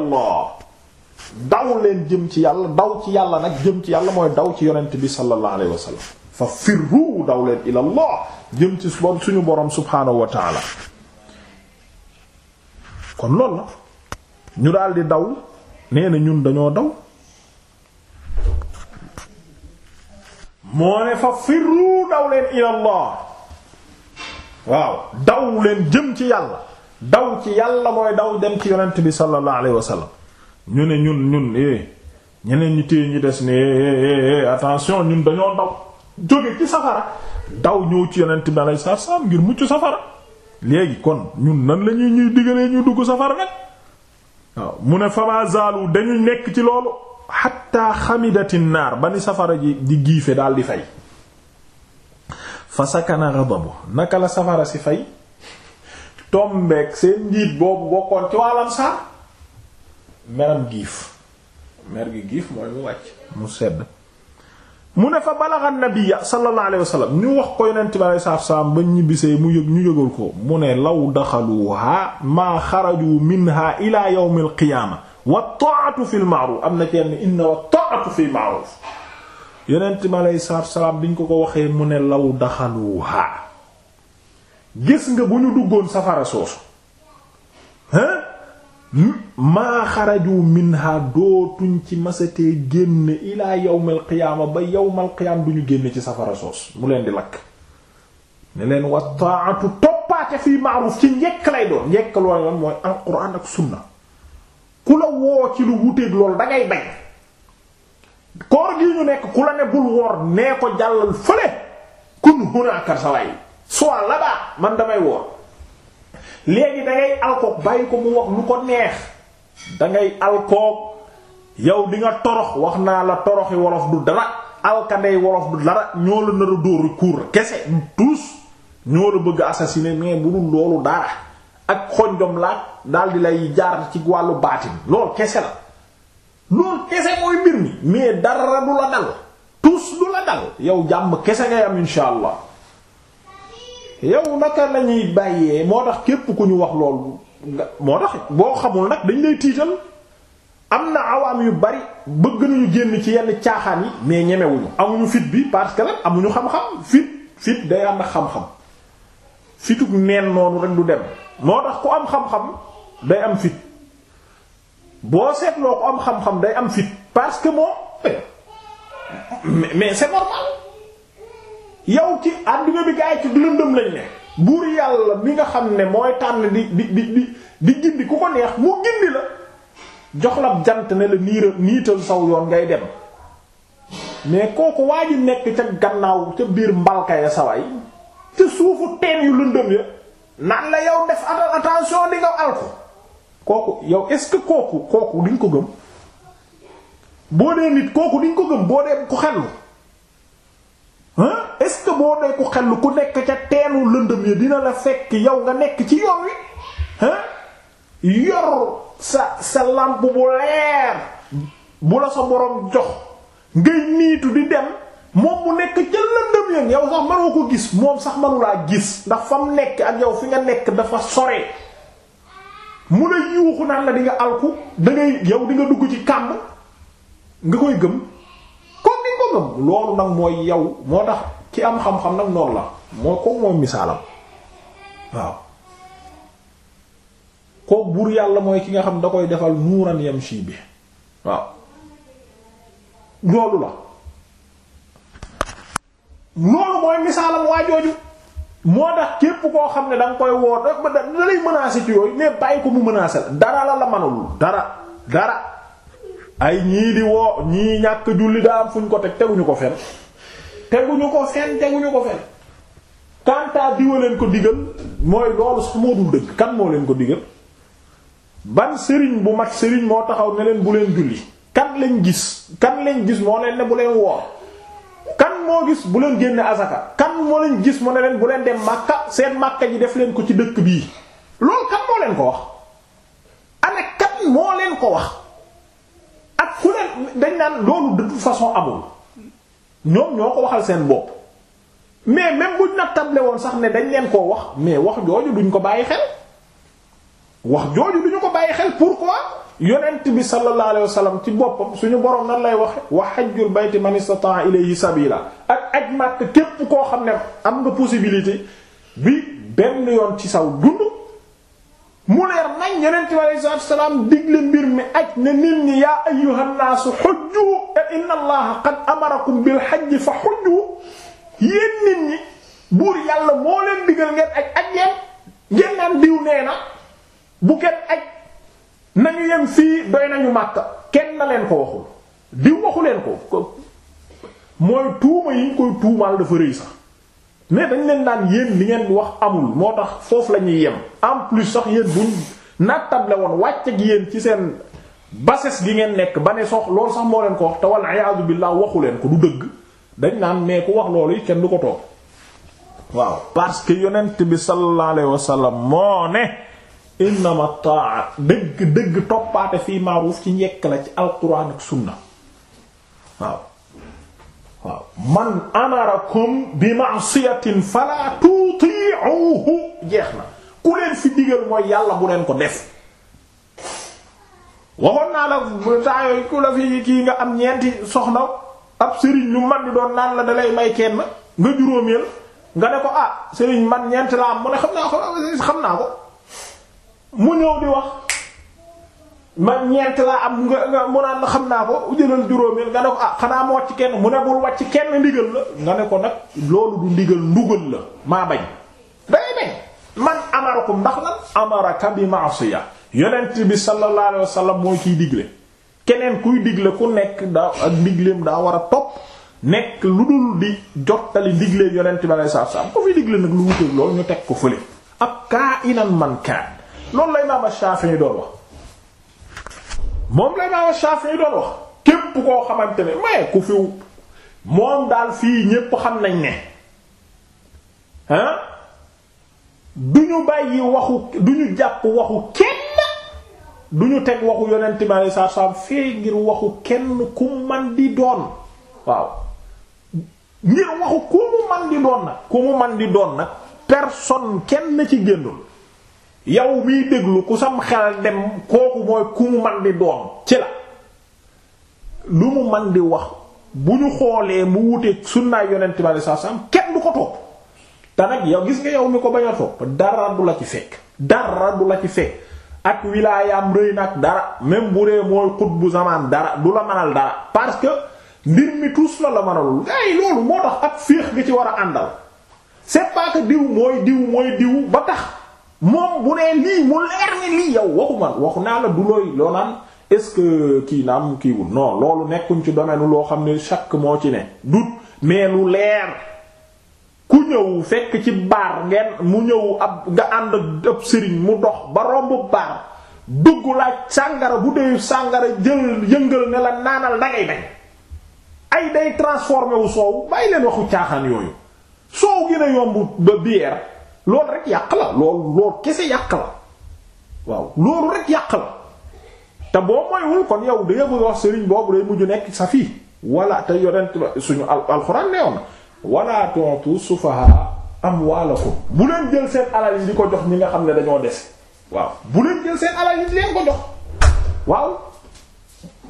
daw leen jëm ci yàlla daw ci yàlla nag jëm ci yàlla mooy daw ci yonent bi sallallahu alayhi wasallam fa firru daw leen ila jëm ci bon suñu borom subhaanahu wa taala kon loolu la ñu daal daw nee ñun dañoo daw moo ne fa firru daw leen ila waaw daw leen jëm ci yàlla daw ci yàlla mooy daw dem ci yonent bi sallallahu alayhi wa ñu ne ñun ñun eh, ñeneen ñu téye ñu des ne eh eh, eh eh attention ñun dañoo daw jóge ci safara daw ñëw ci yonent bi alayhi salaam ngir mucc safara léegi kon ñun nan lañuy ñuy digalee ñu dugg safara nag waaw mu ne fama zaalu dañu nekk ci loolu xatta xamidati naar ba ni safara ji di giife daal di fay fa sakana ghadabu naka la safara si fay tombeeg seen njiit boobu bokkoon ci wàllam sax meram giif mer giif mooy mu wàcc mu sedd mu ne fa balagha nabiyya sallallahu alayhi wa sallam ñu wax ko yonent bi alayhi salaam ba ñibbisee mu yëg ñu yëgal ko mu ne law daxaluha maa xaraju minha ila yawm wa ta'atu fil ma'ruf am na kenn inna wa ta'atu fil ma'ruf yonent bi alayhi salaam biñ ko ko waxee mu ne law daxaluha gis nga bu ñu duggoon safara soosu hein maa xaraju minha dootuñ ci masatee génn ilaa yawmal qiyaama ba yawmal qiyaam duñu génn ci safara soos mu leen di lakk ne leen wa taatu toppaate fii maaruf ci njekk lay doon njekk lool mooy alquran ak sunna ku la woo ci lu wuteeg loolu da ngay bañ koor gi ñu nekk ku la ne bul woor nee ko jàllal fële kun hunakar sa way soit là man damay woor léegi da ngay alkook bàyyi ko mu wax lu ko neex da ngay yow di nga torox wax naa la toroxi wolof du dara alkandey wolof du dara ñoo la nar a dóor kuur kese tous ñoo la bëgg assassiner mais bu dul loolu dara ak xonjom laaj daal di lay jaar ci wàllu baatin loolu kese la loolu kese mooy mbir mi mais dara du la dal tous du la dal yow jàmb kese ngay am insha yow naka lañuy bàyyee moo tax képp ku ñu wax loolu moo tax boo xamul nag dañ lay tiital am na awaam yu bari bëgg nañu génn ci yenn caaxaan yi mais ñemewuñu amuñu fit bi parce que nag amuñu xam-xam fit fit day am na xam-xam fituk neen noonu rek du dem moo tax ku am xam-xam day am fit boo seetloo ku am xam-xam day am fit parce que moom mais c'est normal yow ci àdduna bi gaa yi ci lëndëm lañ ne buur yàlla bi nga xam ne mooy tànn di di di di di gindi ku ko neex mu gindi la jox la jant ne la niira niital saw yoon ngay dem mais kooku waa ji nekk ca gannaaw ca biir mbalka ya saway ca suufu teen yu lëndëm ya naan la yow def attention di nga kooku yow est-ce que kooku kooku diñ ko gëm boo dee nit kooku diñ ko gëm boo dee ko xellu hein est-ce que boo dee ku xel ku nekk ca teenu lëndëm ya dina la fekk yow nga nekk ci yoon wi ah yor sa sa làmp bu leer bu la sa borom jox ngay niitu di dem moom mu nekk ca lëndëm ya sax mënoo ko gis moom sax mënulaa gis ndax fa mu nekk ak yow fi nga nekk dafa sore mu ne yuuxu naan la di alku da yow dinga dugg ci kàmb nga koy gëm comme ni nga loolu nag mooy yow moo tax. ci am xam-xam nag noonu la moo ko mooy misaalam waaw kooku buur yàlla mooy ki nga xam da koy defal yem yamshi bi waaw loolu la loolu mooy misaalam waa jooju moo tax képp koo xam ne da nga koy woo da da lay menacer bàyyi ko mu menacer la dara la la manul dara dara ay ñii di woo ñii ñàkk julli daa am fu ñu ko teg teguñu ko fen teguñu ko fenn teguñu ko fenn kantaa diwa leen ko digal mooy loolu sax moo dul dëgg kan moo leen ko digal ban sëriñ bu mat sëriñ moo taxaw ne bu leen julli kan lañ gis kan lañ gis moo leen ne bu leen woor kan moo gis bu leen génne asaka kan moo leen gis mu ne leen bu leen dem màkka seen màkka ji def leen ko ci dëkk bii loolu kan moo leen ko wax ane kan moo leen ko wax ak ku leen dañ naan loolu de façon amul ñoom ñoo ko waxal seen bopp mais même buñ nag table woon sax ne dañ leen koo wax mais wax jooju duñ ko bàyyi xel wax jooju duñu ko bàyyi xel pour pourquoi yonent bi sallallahu alayhi wasallam ci boppam suñu borom nan lay waxe wa hajjul bayti man istata'a ilayhi sabila ak ak màkk képp koo xam ne am nga possibilité bi benn yoon ci saw dund mu leer nañ yeneen ci aleyhi salaatu wasalaam digle mbir mi ak ne nit ñi yaa ayyuhan naasu xujju e inna allaha qad amarakum bil hajj fa xujju yéen nit ñi buur yàlla moo leen digal ngeen aj aj leen ngeen naan diw nee na bu kenn aj nañu yem fii doy nañu màkka kenn na leen ko waxul diw waxu leen ko mooy tuuma yi ñu koy tuumaal dafa rëy sax mais dañ leen daan yéen li ngeen wax amul moo tax foofu la ñuy yem en plus sax yéen buñ nattable woon wàcc ak yéen ci seen bases gi ngeen nekk ba ne sox loolu sax moo leen ko wax te wal ayaadu billah waxu leen ko du dëgg dañ naan mais ku wax loolu yi kenn du ko toog waaw parce que yonent bi sallallahu alayhi wa sallam moo ne innama taa dëgg dëgg toppaate fii maaruuf ci njekk la ci alquran ak sunna waaw waaw man amarakum bi ma'siyatin fala tuti'uhu jeex na ku leen fi digal mooy yàlla bu leen ko def waxoon naa la temps ku la fi kii nga am ñeenti soxna ab sëriñ lu man di doon naan la dalay may kenn nga juróomeel nga ne ko ah sëriñ man ñeenti la am mu ne xam naa am xam naa ko mu ñëw di wax man ñeent laa am nga nga mu naan xam naa ko jëlal juróomeel nga ne ko ah xanaa moo ci kenn mu ne bul wàcc kenn ndigal la nga ne ko nag loolu du ndigal ndugal la maa bañ day bañ man amarakum ndax lan amaraka bi ma'siya yonent bi sallallahu alayhi wasallam moo ciy digle keneen kuy digle ku nekk daa ak ndigleem daa war a topp nekk lu dul di jottali ndigleem yonent bi alayhi wasallam ko fi digle nag lu wutal loolu ñu teg ko fële ab kaa inan man kaan loolu lay naa ba Shafi'i doon moom la Imaam Shafi'i doon wax képp koo xamante ne maye ku fi moom daal fii ñépp xam nañ ne ah du ñu bàyyi waxu du ñu jàpp waxu kenn du ñu teg waxu yonent bi alayhi ngir waxu kenn ku man di doon waaw mu man di doon nag ku mu man di doon nag personne kenn ci génnul yow miy déglu ku sam xel dem kooku mooy ku mu man di doon ci la lu mu man di wax bu ñu xoolee mu wuteeg sunnaay yonent bi alei satu salaam kenn du ko topp te nag yow gis nga yow mi ko bañ topp dara du la ci fekk dara du la ci fekk ak wilaayaam rëy nag dara même bu dee mooy xutbu zamaan dara du la mënal dara parce que mbir mi tous la la mënalul ay loolu moo tax ak féex gi ci war a àndal c'est pas que diw mooy diw mooy diw ba tax moom bu nee lii mu leer ni lii yow waxu man waxu naa la du looy loo naan est-ce que kii na am kiiwul non loolu nekkuñ ci domaine loo xam ne chaque moo ci ne dut mais lu leer ku ñëw fekk ci baar ngeen mu ñëw ab nga ànd ab sëriñ mu dox ba romb baar dugg laaj sàngara bu dee sàngara jël yëngal ne la naanal dangay bañ ay day transformé wu soow bàyyi leen waxu caaxaan yooyu soow gën a yomb ba bière loolu rek yàq la loolu loolu kese yàq la waaw loolu rek yàq la te boo moywul kon yow da nga wax sëriñ boobu day mujj nekk sa fii wala te yonent suñu alxuraan neewoon na wala tu'tu sufaha amwaalakum bu leen jël seen alal yi di ko jox ñi nga xam ne dañoo des waaw bu leen jël seen alal yi di leen ko jox waaw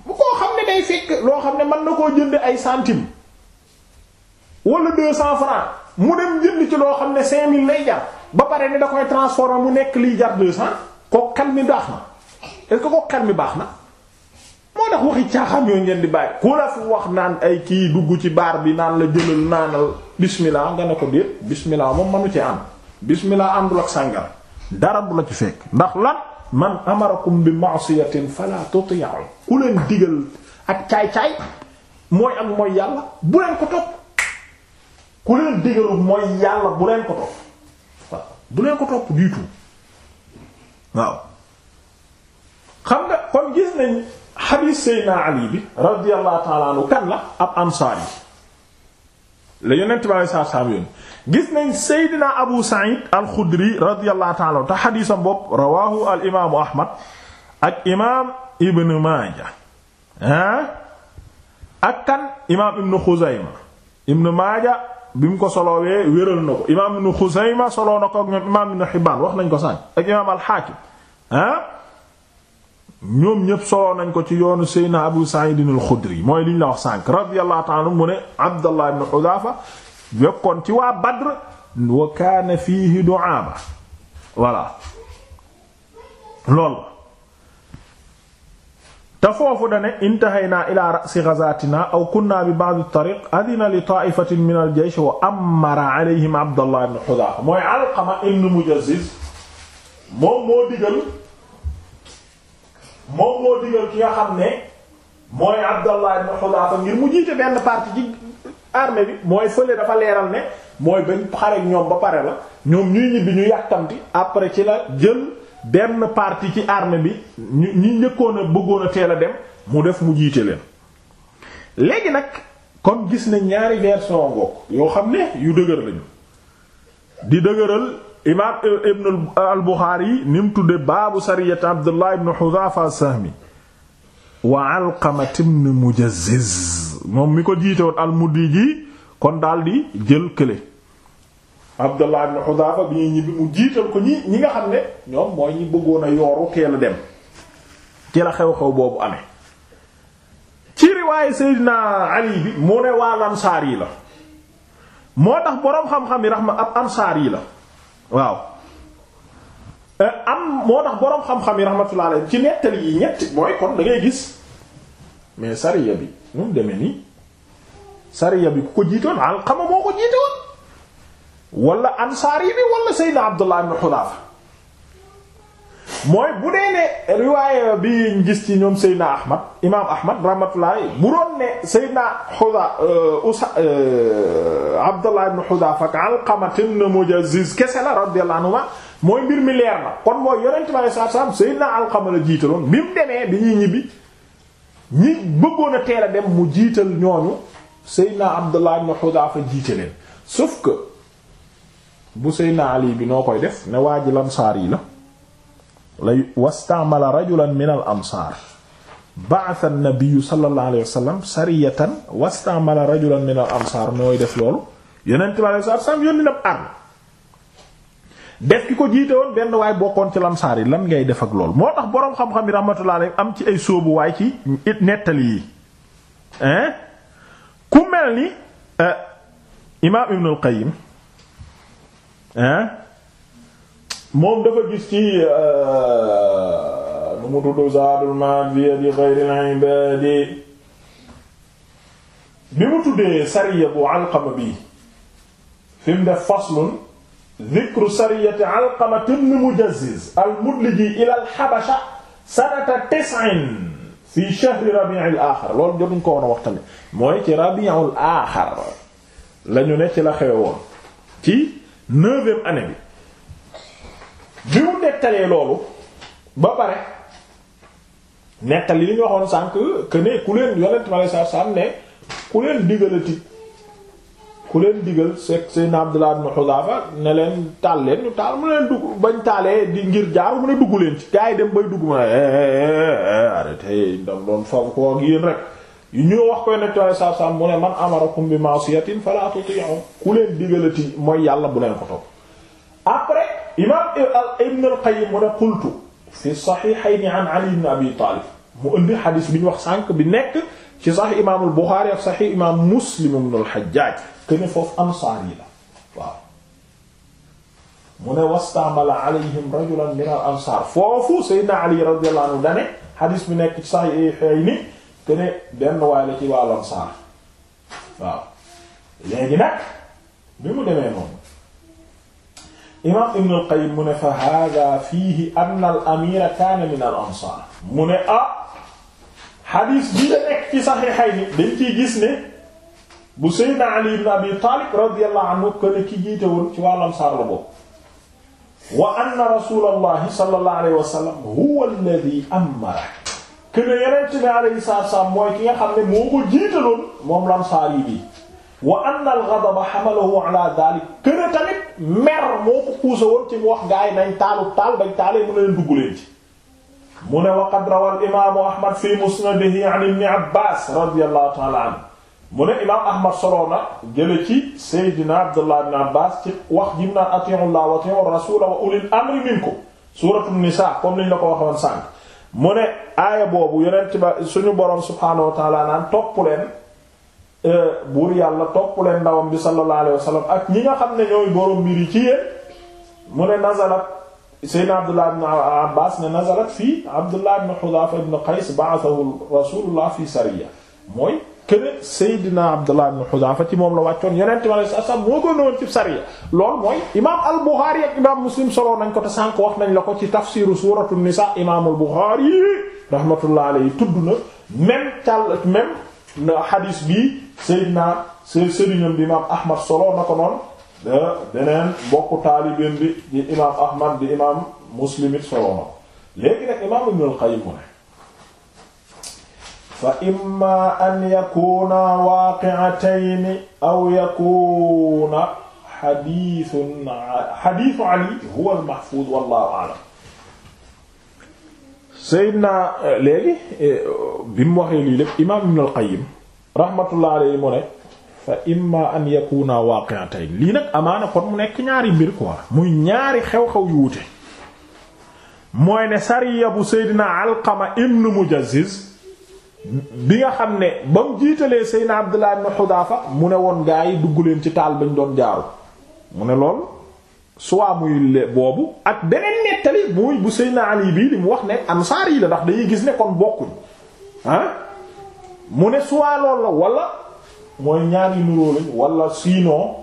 bu koo xam ne day fekk loo xam ne mën na koo jënd ay centimes wala deux cents francs mu dem jënd ci loo xam ne 5000 lay jar ba pare ni da koy transformer mu nekk liy jar 200 kooku kan mi baax na est-ce que baax na. moo tax waxi caaxaan yooyu ngeen di bàyyi ku la fi wax naan ay kii dugg ci baar bi naan la jëlal naanal bismillah nga ne ko déet bismillah moom manu ci ànd bismillah àndul ak sàngara dara du la ci fekk ndax lan man amarakum bi ma'siyatin fala tuti'u ku leen digal ak caay-caay mooy ak mooy yàlla bu leen ku leen digalul mooy yàlla bu leen ko topp waaw bu leen ko topp du tout waaw xam nga kon gis nañ xadiis Seydina Ali bi radiyallahu ta'ala anhu kan la ab ansaar yi la yonent bi alei satu salaam yoon gis nañ Seydina Abu Sa'id al-Khudri radiyallahu ta'ala anhu te xadiisam bopp rawahu al imaamu Ahmad ak imaam Ibn Maaja ah ak kan imaam Ibn Xuzayma Ibn Maaja bi mu ko solowee wéral na ko imaam ibn Xuzayma soloo na ko ak imaam ibn Hibbaan wax nañ ko sànq ak imaam al-Haakim ah? ñoom ñépp soloo nañ ko ci yoonu Seydina Abu Sa'id al-Xudri mooy li ñu la wax sànq radiyallahu ta'ala mu ne Abdallah ibn Hudaafa yokkoon ci waa Badr wa kaana fiihi du'aaba voilà loolu te foofu dane intahaynaa ila ra'si ghazatina aw kunna bi ba'd adina li ta'ifatin min al wa amara alayhim ibn Mujazziz moom moo digal moom moo digal ki nga xam ne mooy Abdallah ibn Hudhafa ngir mu jiite benn partie ci armée bi mooy fële dafa leeral ne mooy bañ xareek ñoom ba pare la ñoom ñuy ñibbi ñu yàkkamti après ci la jël benn parti ci armée bi ñu ñi njëkkoon a bëggoon a teel a dem mu def mu jiite leen léegi nag kon gis na ñaari version ngook yoo xam ne yu dëgër lañu di dëgëral imaam ibn al Buxaari ni mu tudde baabu sariyat Abdullah ibn Hudhafa as-Sahmi wa Alqamat ibn Mujazziz moom mi ko jiite woon al-Mudiji kon daldi di jël kële Abdullah ibn Hudhafa bi ñuy ñibbi mu jiital ko ñi ñi nga xam ne ñoom mooy ñi bëggoon a yooru teel a dem ci la xew-xew boobu amee ci riwaaye Seydina Ali bi mu ne waa yi la moo tax boroom xam-xam yi ab ansaar la waaw eh, am moo tax boroom xam-xam yi rahmatullah alayhi ci nettali yi ñetti mooy kon da ngay gis mais sariya bi mu demee nii sariya bi ku ko jiitoon Alqama moo ko jiitoon wala ansaar yi bi wala Seydina Abdullah bu dee ne bi gis ci ñoom Seydina Ahmad imaam Ahmad rahmatullahi bu doon ne Seydina Xuda euh, euh, Abdullah ibn Xudaafa ak Alqama ibn Mujazziz kese la radiyallahu anhuma mooy mbir mi leer na kon mooy yonent bi Seydina Alqama la jiitaloon bi mu demee bi ñuy ñibbi ñi bëggoon a dem mu jiital ñooñu Seydina Abdullah ibn Xudaafa jiite bu Seydina Ali bi noo koy def ne waa ji lansaar yi la lay wastaamala rajulan min al ansaar ba'atha an-nabiyyu sallallahu alayhi wa sallam sariyatan wastaamala rajulan min al ansaar nooy def loolu yeneen ma sa sam na def ki ko jiite woon benn waay bokkoon ci lansaar yi lan ngay def ak loolu moo tax boroom xam-xam yi rahmatullahi am ci ay sóobu waay ci nettali yi ku mel ni euh, imaam Ibnul Qayyim moom dafa gis ci euh, nu mu tudd Zaadul Ma'aad bi yadi xayril ibaad bi mu tuddee sariya bu Alqama bi fi mu def faslun dhikru sariyati Alqama ibn Mujazziz al-Mudliji ila al-Habasha sanata tis'in fi shahri Rabi'il aaxar loolu jotuñ ko woon a wax tamit mooy ci Rabi'ul aaxar lañu ne ci la xewoon ci neuvième année bi bi mu nettalee loolu ba pare nettali li waxoon sànq que ne ku leen yonent ma lay sa sam ne ku leen digalati ku leen digal seet seen Abdullah ibn Hudhafa taal leen taal mu leen dugg bañ taalee di ngir jaar mu ne dugg leen ci gars yi dem bay dugg ma ne eh, eh, eh, arrêté ndam doon faw ko ak yéen rek ñu wax ko yonent sallallahu alayhi wasallam mu ne man amarakum bi ma'siyatin fala tuti'u ku leen digalati mooy yàlla bu leen ko topp après imam ibn al-Qayyim mu ne qultu fi sahihayn an Ali ibn Abi Talib mu indi xadis bi ñu wax sànq bi nekk ci sahih imam al-Bukhari ak sahih imam Muslim ibn al-Hajjaj kene foofu ansaar yi la waaw mu ne wastaamala alayhim rajulan min al-ansar foofu sayyidina Ali radiyallahu anhu dane xadis bi nekk ci sahih ni que ne benn waay la ci waa Ansaar waaw léegi nag bi mu demee noonu imaam Ibn al-Qayyim mu ne fa haaza fiihi anna al-amiira kaana min al-Ansaar mu ne ah xadiis bi da nekk ci Saxiixayni dañ ciy gis ne bu Seydina Ali ibn Abi Taalib radiyallahu anhu ko ne ki jiite woon ci waa Ansaar la bokk wa anna rasuulallahi sallallahu alayhi wa sallam huwa alladhi amara que ne yeneen bi alayhi salaatu salaam mooy ki nga xam ne moo ko jiitaloon moom lamsaar yi bi wa anna al-ghadaba hamalahu ala dhalik que ne tamit mer moo ko poussé woon ci mu wax gaa yi nañ taalut taal bañ taalee mu leen dugg leen ci. mu ne wa qad rawa al-imaamu Ahmad fi musnadihi an ibn Abbaas radiyallahu ta'ala anhu mu ne imaam Ahmad solo na jële ci Seydina Abdullah ibn Abbaas ci wax jim naan atii'u llaha wa atii'u rasuula wa ulil amri minkum suuratu nisaa comme niñ la ko waxoon sànq. mu ne aaya boobu yonent ba suñu boroom subhaanahu wa taala naan topp leen euh, buur yàlla topp leen ndawam bi sallallahu alayhi wa sallam ak ñi nga xam ne ñooy boroom mbir yi ci yéen mu ne nazalat saydna abdullah ibn abbas ne nazalat fii abdullah ibn xudaafa ibn qays ba'athahu rasulullah fi sariya mooy kene Seydina Abdullah ibn Hudhafa la wàccoon yonent bi alayhi salaam moo ko nëwoon ci sariya loolu mooy imaam al-Bukhari ak imaam Muslim soloo nañ ko te sànq wax nañ la ko ci tafsiru suuratu nisaa imaam al-Bukhari rahmatullah alayhi tudd na même càll même na hadis bi Seydina sëriñam bi imaam Ahmad soloo na ko noonu beneen bokku taalibeem bi di imaam Ahmad di imaam Muslim it na ko léegi nag imaam Ibn al fa imma an yakuna waaqi'atayn aw yakuna xadiisun xadiisu Ali huwa al-mahfuuz wallaahu a'lam Seydina eh, léegi eh, bi mu waxee lii lépp imaam Ibn al-Qayyim rahmatullahi alayhi mu ne fa imma an yakuna waaqi'atayn lii nag amaana kon mu nekk ñaari mbir quoi muy ñaari xew-xew yu wute mooy ne sariya bu Seydina Alqama ibn Mujazziz bi nga xam ne ba mu jiitalee Seydina Abdullah ibn Hudaafa mu ne woon gaa yi dugg leen ci taal bañ doon jaaru mu ne lool soit muy boobu ak beneen nettali muy bu Seydina Ali bii li mu wax ne ansaar yi la ndax dañuy gis ne kon bokkuñ ah mu ne soit lool la wala mooy ñaari nuroo lañ wala sinon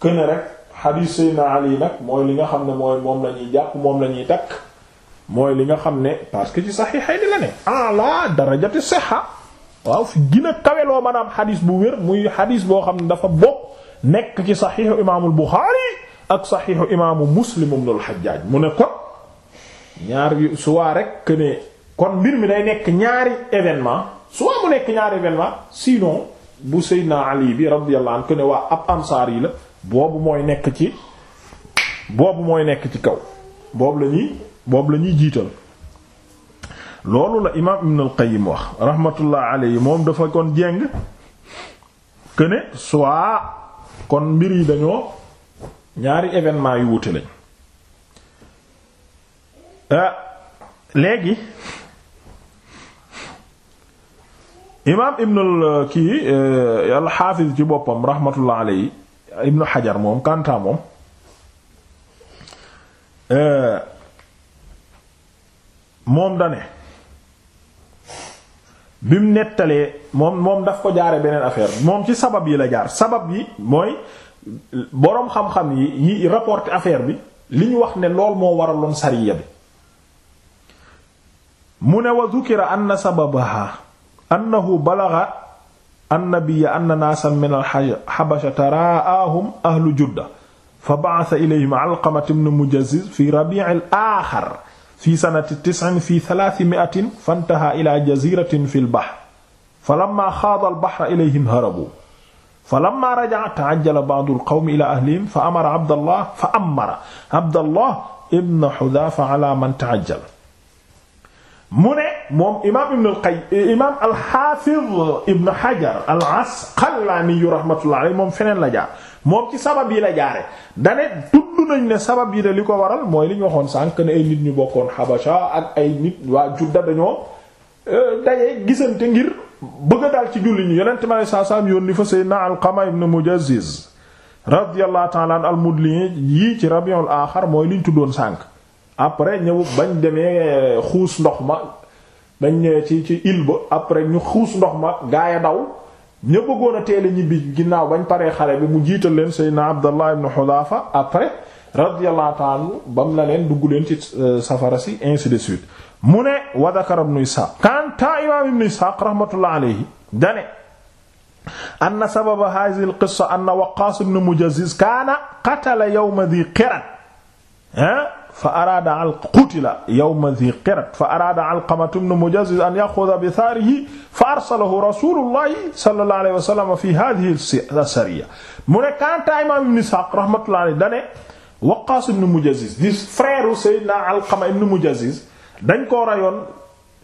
que ne rek xadiis Seydina Ali nag mooy li nga xam ne mooy moom lañuy ñuy jàpp moom la ñuy takk. mooy li nga xam ne parce que ci saxiixay di la ne ala darajati sihha waaw fi gën a kaweloo maanaam xadis bu wér muy xadis boo xam ne dafa bokk nekk ci saxiixu imaamul Buxaari ak saxiixu imaamu Muslim ibnul Xajjaaj mu ne kon ñaar yu soit rek que kon mbir mi day nekk ñaari événement soit mu nekk ñaari événement sinon bu Seydina Ali bi radiyallahu anhu que ne waa ab ansaar yi la boobu mooy nekk ci boobu mooy nekk ci kaw boobu la ñuy boobu la ñuy jiital loolu la imaam Ibn al-Qayyim wax rahmatullah alayhi moom dafa kon jeng que ne kon mbir yi dañoo ñaari événement yu wuute lañ euh, léegi imaam Ibn al kii euh, al-Hafiz ci boppam rahmatullah alayhi Ibn Hajar moom Kantaa moom. Euh, moom dane bi mu nettalee moom moom daf ko jaare beneen affaire moom ci sabab yi la jaar sabab yi mooy boroom xam-xam yi yi rapporté affaire bi li wax ne lool moo waraloon sariya bi mu ne wa dhukira anna sababaha annahu balagha annabiyya anna naasan min al habasha taraahum ahlu judda fa ba'atha ilayhim Alqama ibn Mujazziz fi rabi' al-aaxar fi sanati tis'in fi thalaatimi'atin fantahaa ilaa jaziratin fil bahr falammaa xaada al-bahra ilayhim harabuu falammaa raja'a ta'ajjala ba'du al-qawmi ilaa ahlihim fa amara Abdallah fa amara Abdallah ibn Hudhaafa alaa man ta'ajjala mu ne moom imaam ibn al-Qayyim imaam al-Haafiz ibn Hajar al-Asqalaani rahmatullahi alayhi moom feneen la jaar moom ci sabab yi la jaare dane tudd nañ ne sabab yi de li ko waral mooy li ñu waxoon sànq ne ay nit ñu bokkoon xabasha ak ay nit waa judda dañoo euh, dayee gisante ngir bëgg a daal ci julli ñu yonente mi aleye saa salaam yónni fa sayyidina Alqama ibn Mujazziz radiyallahu ta'ala an al-Mudli yii ci Rabiul Axir mooy liñ tuddoon sànk après ñëw bañ demee euh, xuus ndox ma dañ ñëwee ci ci île après ñu xuus ndox ma gaaya daw ña bëggoon a teel a ñibbi ginnaaw bañ paree xare bi mu jiital leen Seydina Abdallah ibn Hudhafa après radiyallahu ta'ala anhu bam la leen dugg leen ci euh, safara si ainsi de suite mu ne wa dhakara ibn Ishaq kanta imam ibn Ishaq rahmatullah alayhi dane anna sababa hadhihi al-qissa anna Waqqas ibn Mujazziz kaana qatala yawma dhi qiran ha fa araada al qutila yawma dhi qirat fa araada alqamatu ibn mujazziz an yaxuda bi thaarihi fa arsalahu rasulullahi sallallahu alayhi wa sallam fi hadhihi as-sariya mu ne kanta imam ibn Ishaq rahmatullahi alayhi dane Waqqaas ibn Mujazziz di frère Seydina Alqama ibn Mujazziz dañ ko rayoon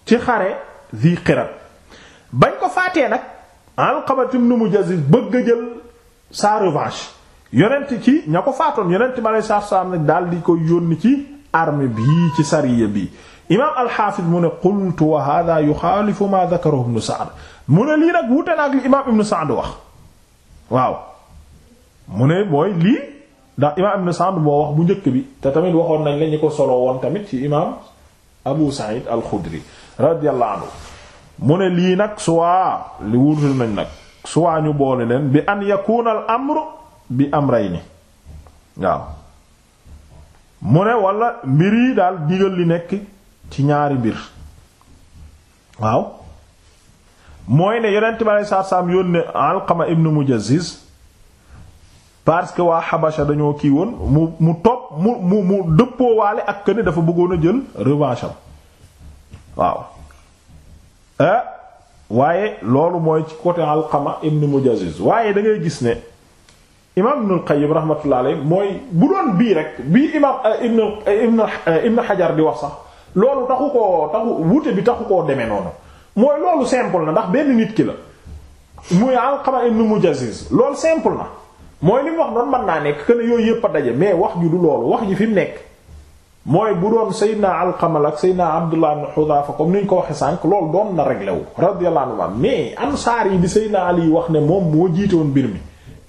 ci xare dhi qirat bañ ko faatee nag Alqama ibn Mujazziz bëgg a jël sa revanche yonent ci ña ko faatoon yonent bi aleyhi salaatu salaam nag daal di ko yónni ci armée bii ci sariya bii imaam alxaafis mu ne qultu wa hada yuxaalifu ma dakarahu ibnu Sa'd mu ne lii nag wuute na ak li imaam ibnu Sa'd wax waaw mu ne mooy lii ndax imaam ibnu Sa'd moo wax bu njëkk bi te tamit waxoon nañ la ñu ko solo woon tamit ci imaam Abu Sa'id al-Khudri anhu mu ne lii nag suwaa li wuute nañ nag suwaa ñu boole leen bi an yakuna al bi am rey ni waaw mu ne wala mbir yi daal digal li nekk ci ñaari mbir waaw mooy ne yonent bi alei satu salaam yónne Alqama ibnu Mujazziz parce que waa Habasha dañoo kii woon mu mu topp mu mu mu dëppoo waale ak ne dafa bëggoon a jël revanche waaw eh? waaye loolu mooy ci côté Alqama ibnu Mujazziz waaye da gis ne imaam Ibn al-Qayyim rahmatullah mooy bu doon bii rek bii imaam euh, euh, Ibn Ibn euh, Ibn Hajar di wax sax loolu taxu ko taxu wuute bi taxu koo demee noonu mooy loolu simple na ndax benn nit ki la muy Alqama ibn Mujazziz loolu simple na mooy li wax noonu man naa nekk que ne yooyu yëpp a daje mais wax ju du loolu wax ji fi mu nekk mooy bu doon Seydina Alqama ak Seydina Abdullah ibn Hudhafa comme ni ñu ko waxee sànq loolu doon na réglé wu radiyallahu anhu mais ansaar yi bi Seydina Ali wax ne moo jiite woon mbir mi.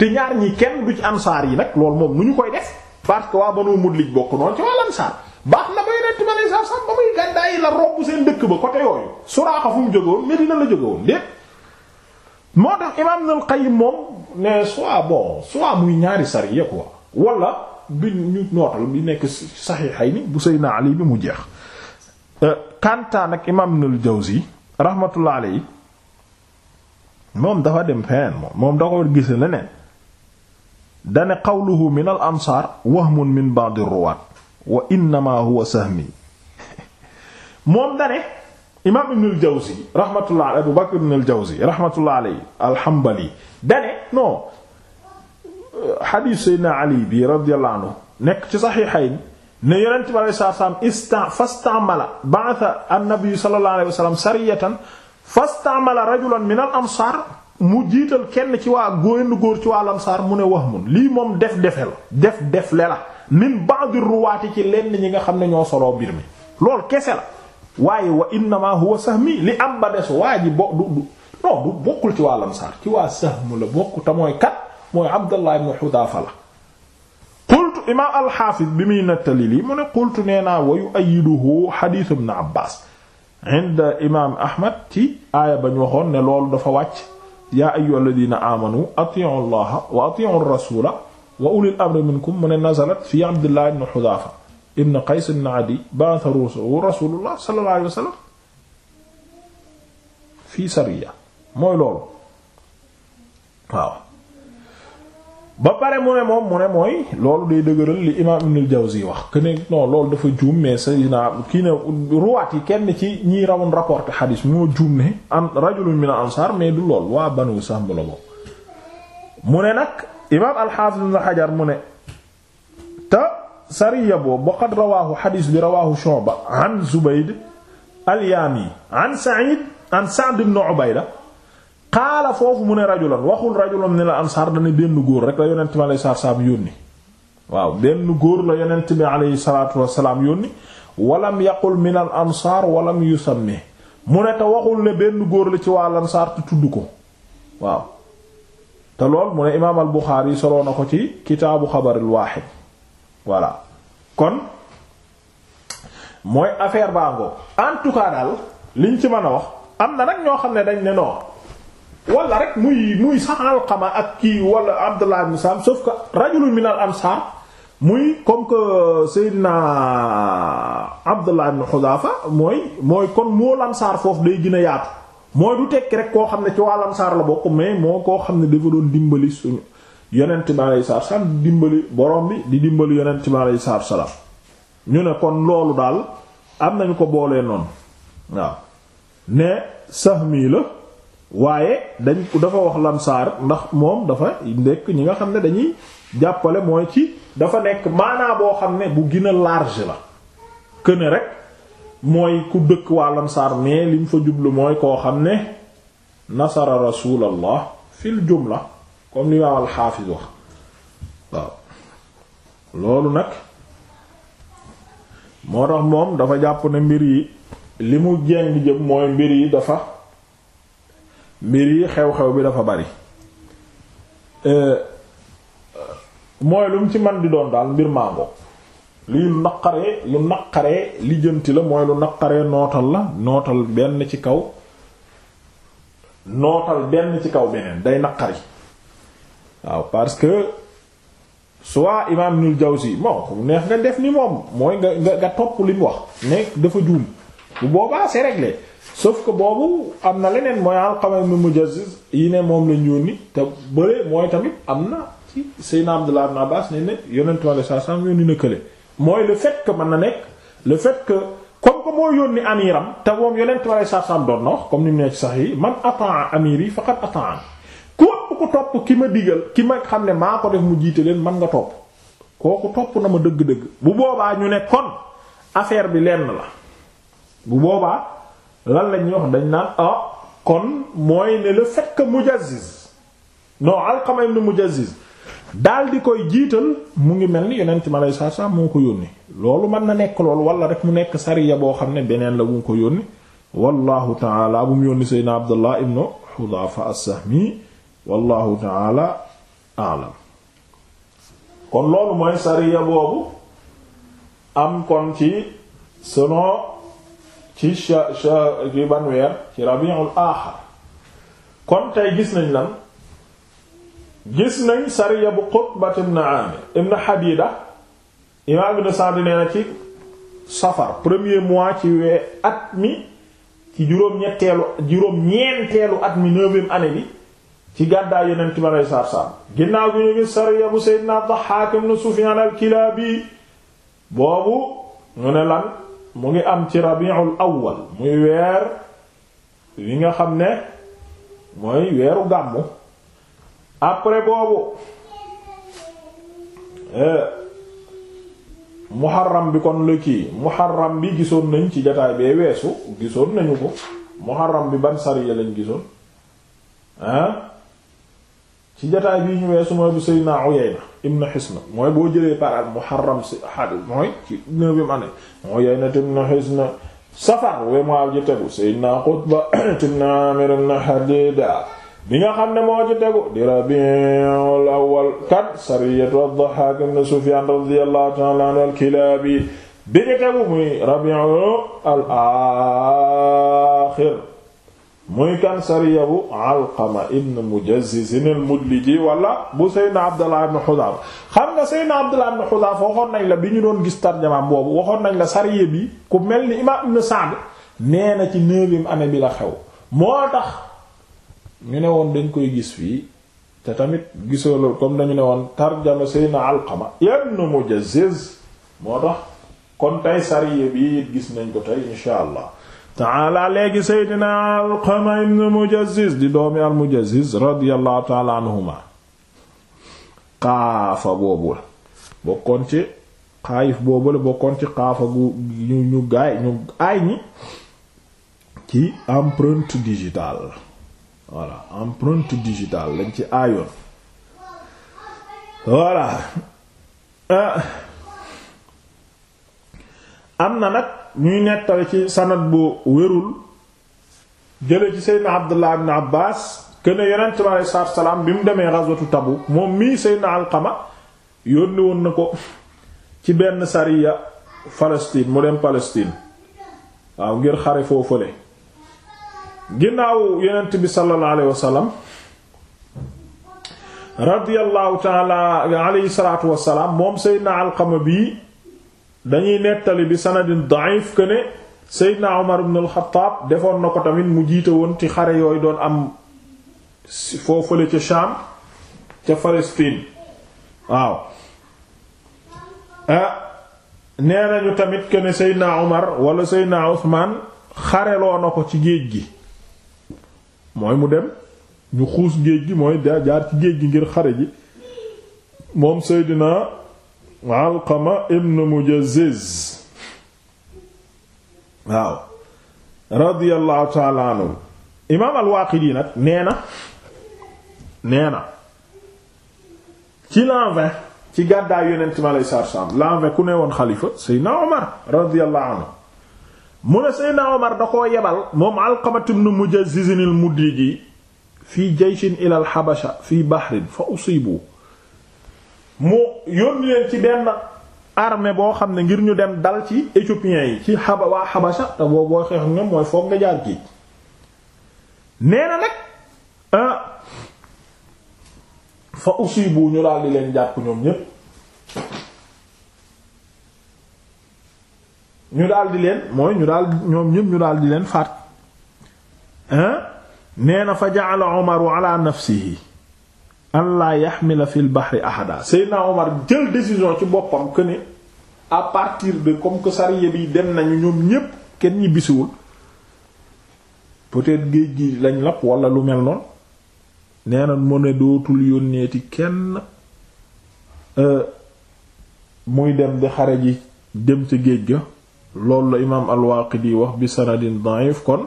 te ñaar ñi kenn du ci ansaar yi nag loolu moom nu ñu koy def parce que waa Banu Mudlij bokk noonu ci wàll ansaar baax na ba yonent bi alayhi salaatu ba muy gàddaay la romb seen dëkk ba côté yooyu Suraaqa fu mu jóge woon Medina la jóge woon déet moo tax Imaam Ibnul moom ne soit bon ñaari sariya quoi wala bi ñu nootal bi nekk Sahihayni bu Seydina Ali jeex euh, Kantaa nag Imaam Ibnul Jawzi rahmatullah alayhi moom dafa dem fenn moom da ko gis leneen dane qawluhu min al ansaar wahmun min ba'd ar-ruwaat wa innama huwa sahmi moom dane imaam ibn al jawzi rahmatullah alayhi abu bakr ibn al jawzi rahmatullah alayhi al hanbali dane non xadiis seydna ali bi radiyallahu anhu nekk ci saxiixayn ne yonent bi alayhi salaam ista fastamala ba'atha an-nabi sallallahu alayhi wa sallam sariyatan fastamala rajulan min al ansaar mu jiital kenn ci waa góoyenn góor ci waa lamsaar mu ne wax mun lii moom def defe la def def le la min ba'd ruwaati ci lenn ñi nga xam ne ñoo soloo mbir mi loolu kese la waaye wa innama huwa sahmi li am ba des waa ji bo du du non du bokkul ci waa lamsaar ci waa sahm la bokk te mooy kat mooy abdallah ibn xudaafa la qultu imam alxaafis bi muy nattali lii mu ne qultu nee naa wa yu'ayyiduhu xadiisu ibn abbas inda imam ahmad ci aaya bañ waxoon ne loolu dafa wàcc yaa ayyuhal ladina amanu atiu allaha wa atiu rasula wa ulil amri minkum mu ne nazalat fi abdullah ibn xudaafa ibn qays ibn adi ba'atha rasulullah sallallahu alayhi wa sallam fii sariya mooy loolu waaw ba pare mu ne moom mu ne mooy loolu day dëgëral li imaam Ibnul Jawzi wax que ne non loolu dafa juum mais sayyidina kii ne ruwaat yi kenn ci ñiy rawoon rapporté xadiis moo juum ne an rajulun min al-ansaar mais du lool waa Banu Sahm la boobu mu ne nag imaam al-Haafiz Ibn Hajar mu ne te sariya boobu ba qad rawaahu xadiis bi rawaahu Shu'ba an Zubayd al-Yaami an Sa'iid an Sa'd ibn Ubayda xaala foofu mu ne rajulan waxul rajulan ne la ansaar dana benn góor rek la yonent bi alayhi salaatu wasalaam yónni waaw benn góor la yonent bi alayhi salaatu wasalaam yónni walam yaqul min al ansaar walam yusammi mu ne te waxul ne benn góor la ci waa lansaar te tudd ko waaw te lool mu ne imaam al Buxaari yi soloo na ko ci kitaabu xabaril waaxid voilà kon mooy affaire baa ngoog daal liñ ci mën a wax am na nag ñoo xam ne dañ ne non wala rek muy muy sax Alqama ak kii wala Abdullah ibn Sam sauf que rajulun min al muy comme que na Abdullah ibn Hudafa mooy mooy kon moo lamsaar foofu day gën a yaatu mooy du tekki rek koo xam ne ci waa lamsaar la bokk mais moo koo xam ne dafa doon dimbali suñu yonent bi alayhi salaatu salaam di dimbali borom bi di dimbali yonent bi alayhi salaatu salaam ñu ne kon loolu daal am nañu ko boolee noonu waaw ne Sahmi la. waaye dañ dafa wax lamsaar ndax moom dafa nekk ñi nga xam ne dañuy jàppale mooy ci dafa nekk maanaa boo xam ne bu gën a large la këne rek mooy ku dëkk waa lamsaar mais li mu fa jublu mooy koo xam ne nasara rasulallah fil jumla comme li waawal xaafis wax loolu nag moo tax moom dafa jàpp ne mbir yi li mu jeng jëm mooy mbir yi dafa mbir yi xew-xew bi dafa bari euh, mooy lum ci man di doon daal mbir màngo lii lu naqaree lu naqaree lijjanti la mooy lu naqaree nootal la nootal benn ci kaw nootal benn ci kaw beneen day naqari waaw parce que soit imaam Ibnul Jawzi moom neex nga def ni moom mooy nga nga topp li wax ne dafa juum bu boobaa c'est réglé sauf que boobu am na leneen mooy Alqama ibn Mujazziz yi ne moom lañ yónni te bële mooy tamit am na ci Seydina Abdullah ibn Abbas ne ne yonentu Yàlla saa sam yónni kële mooy le fait que mën na nekk le fait que comme que moo yónni amiram te moom yonentu Yàlla saa doon na wax comme ni mu ne sax yi man ataa amiri faqad ataa kooku ko topp ki ma digal ki ma xam ne maa ko def mu jiite leen man nga topp kooku topp na ma dëgg-dëgg bu boobaa ñu ne kon affaire bi lenn la lan lañuy wax dañ naan ah kon mooy ne le fait que Mujaziz non Alqama ibn Mujaziz daal koy jiital mu ngi mel ni yonent ma lay saa moo ko yónni loolu mën na nekk loolu wala rek mu nekk sariya boo xam ne beneen la bu ko yónni wallahu taala bu mu yónni seydna Abdullah ibn Hudhafa as wallahu taala a'lam kon loolu mooy sariya boobu am kon ci selon ci sha sha ci ban ci rabiul aaxar kon tey gis nañ lan gis nañ sariya bu Qutbat ibn Amir ibn Habida imaam ibn Sa'd nee ci safar premier mois ci wee at mi ci juróom-ñetteelu juróom-ñeenteelu at mi neuvième année bi ci gàddaay yonent mi aleyhi salaatu salaam ginnaaw bi ñu gis sariya bu Seydina Dahhaak ibn Sufyaan al-Kilaabi boobu ñu ne lan mu ngi am ci rabiul awwal muy weer wi nga xam ne mooy weeru gàmmu après boobu euh, muharram bi kon la kii muharram bi gisoon nañ ci jataay bee weesu gisoon nañu ko muharram bi ban sariya lañ gisoon ci jotaay bii ñu weesu mooy bu Seydina Uyayna ibn Hisn mooy boo jëlee par al Muharram si xadis mooy ci neuvième année Uyayna ibn Hisn Safar we moo ji tegu Seydina Qutba ibn Amir ibn Hadida bi nga xam ne moo ci tegu di Rabiul Awwal kat sariyatu ad-Dahhak ibn Sufyan radiyallahu ta'ala anhu al-Kilabi bi ñu tegu muy Rabiul Akhir muy kan sariya bu alqama ibn mujazzizin al-mudliji wala bu seydna abdullah ibn xudaafa xam nga seydna abdullah ibn xudaafa waxoon nañ la bi ñu doon gis tarjamaam boobu waxoon nañ la sariya bi ku mel ni imaam ibn sa'd nee na ci neuvième année bi la xew moo tax ñu ne woon dañ koy gis fii te tamit gisoo loolu comme dañu ne woon tarjama seydna alqama ibn mujazziz moo tax kon tey sariya bi it gis nañ ko tey insha allah taala léegi seydina alqama ibn mujazziz di doomi al mujazziz radiyallahu taala anhuma xaafa boobu la bokkoon ci xaayif boobu la bokkoon ci xaafa gu ñu ñu gaay ñu aay ñi ci empreinte digitale voilà empreinte digitale lañ ci aayoon voilà ah. am na nag ñuy nettali ci sanad bu wérul jële ci seydna abdullah ibn abbas këne yonent bi aleyhi salaatu wa salaam bi mu demee ghazwatu Tabuk moom mii seydna alqama yónni na ko ci benn sariya Palestine mu dem Palestine waaw ngir xare foofale ginnaaw yonent bi sallallahu alayhi wa sallam radiyallahu ta'ala alayhi salaatu moom seydna alqama bii dañuy nettali bi sanadin da'if que ne Omar ibn al defoon na ko tamit mu jiite woon ci xare yooyu doon am foofale ca Sham ca Palestine waaw ah, nee nañu tamit que ne Omar wala Seydina Usman xareloo na ko ci géej gi mooy mu dem ñu xuus géej gi mooy jaar ci géej gi ngir xare ji moom Seydina. Alqama ibn Mujazziz waaw radiyallahu taala anhu al nag nee na nee na ci ku ne xalifa Seydina Omar mu Alqama ibn Mujazzizin al-Mudliji fii jayshin ila al-Habasha fii bahrin fa usibu mu yónni leen ci benn armée boo xam ne ngir ñu dem dal ci éthiopiens yi ci xaba waa xabasa te boo booy xeex ñoom mooy foog nga jaar géej nee na nag ah, fa usibu ñu daal di leen jàpp ñoom ñépp ñu daal di leen mooy ñu daal ñoom ñépp ñu daal di leen faat ah, nee na fa ja'ala Umaru ala nafsihi an la yaxmila fil bahri ahada Seydina Omar jël décision ci boppam que ne à partir de comme que sariya bi dem nañu ñoom ñépp kenn ñibbisiwul bisiwul géej gi lañ lap wala lu mel noonu nee na mu ne dootul yónneeti kenn euh, muy dem di xare ji dem ca géej ga loolu la imaam al wax bi sanadin da'if kon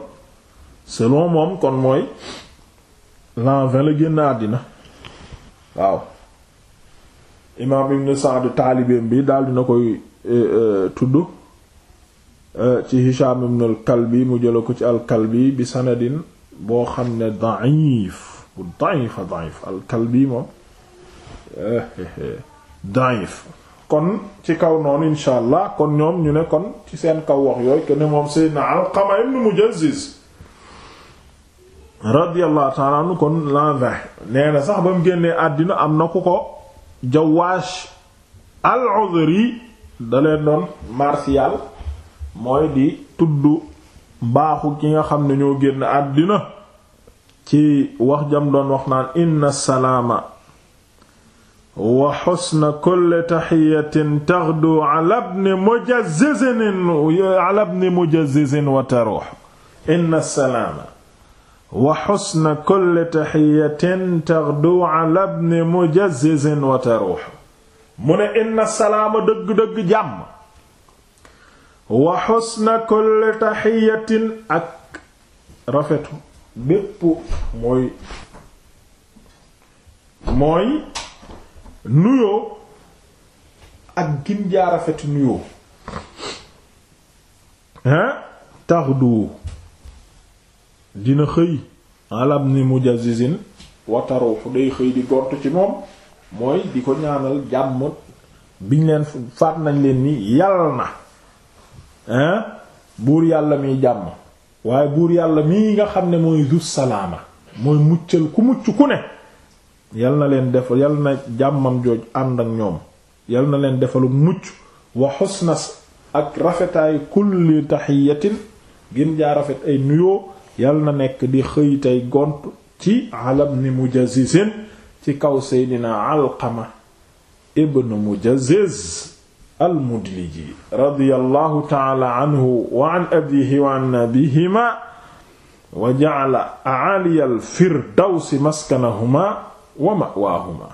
selon moom kon mooy l'an vingt la génn àddina waaw imaam ibn Sa'd taalibeem bi daal dina koy eh, eh, tudd eh, ci Hisham ibn al-Kalbi mu jëla ko ci al-Kalbi bi sanadin boo xam ne da'if bu da'ifa da'if al moom da'if kon ci kaw noonu insha allah kon ñoom ñu ne kon ci seen kaw wax yooyu que ne moom Sayyidina Alqama ibn Mujazziz radiyallahu ta'ala nee na sax ba mu génnee àddina am na ku ko Jawaash al-Uzri da doon martial mooy di tudd baaxu ki nga xam ne ñoo génn àddina ci wax jam doon wax naan inna salaama wa xusna kulli taxiyatin taxdu ala ibn mujazzizin ala wa taruux inna salaama wa xusna kulli taxiyatin taxdu ala ibni mujazzizin mu ne inna salaama dëgg-dëgg jàmm wa xusna kulli taxiyatin ak rafetu bépp mooy mooy nuyoo ak gin jaa rafetu nuyoo hein taxdu dina xëy alam ni mujazizin wataruuxu day xëy di gont ci moom mooy di ko ñaanal jàmm biñ leen faat nañ leen nii yàlla na hein buur yàlla miy jàmm waaye buur yàlla mii nga xam ne mooy du salaama mooy muccal ku mucc ku ne yal na leen def yal na jàmmam jooj ànd ak ñoom yal na leen defalu mucc wa xusnas ak rafetaay kulli taxiyatin gën jaa rafet ay nuyoo yal na nekk di xëy tey gont ci alam ni mujazisin ci kaw seydina alqama ibn mujaziz almudliji radiyallahu taala anhu wa an abihi wa an nabihima wa ja'ala a'ali al firdawsi maskanahuma wa ma'waahuma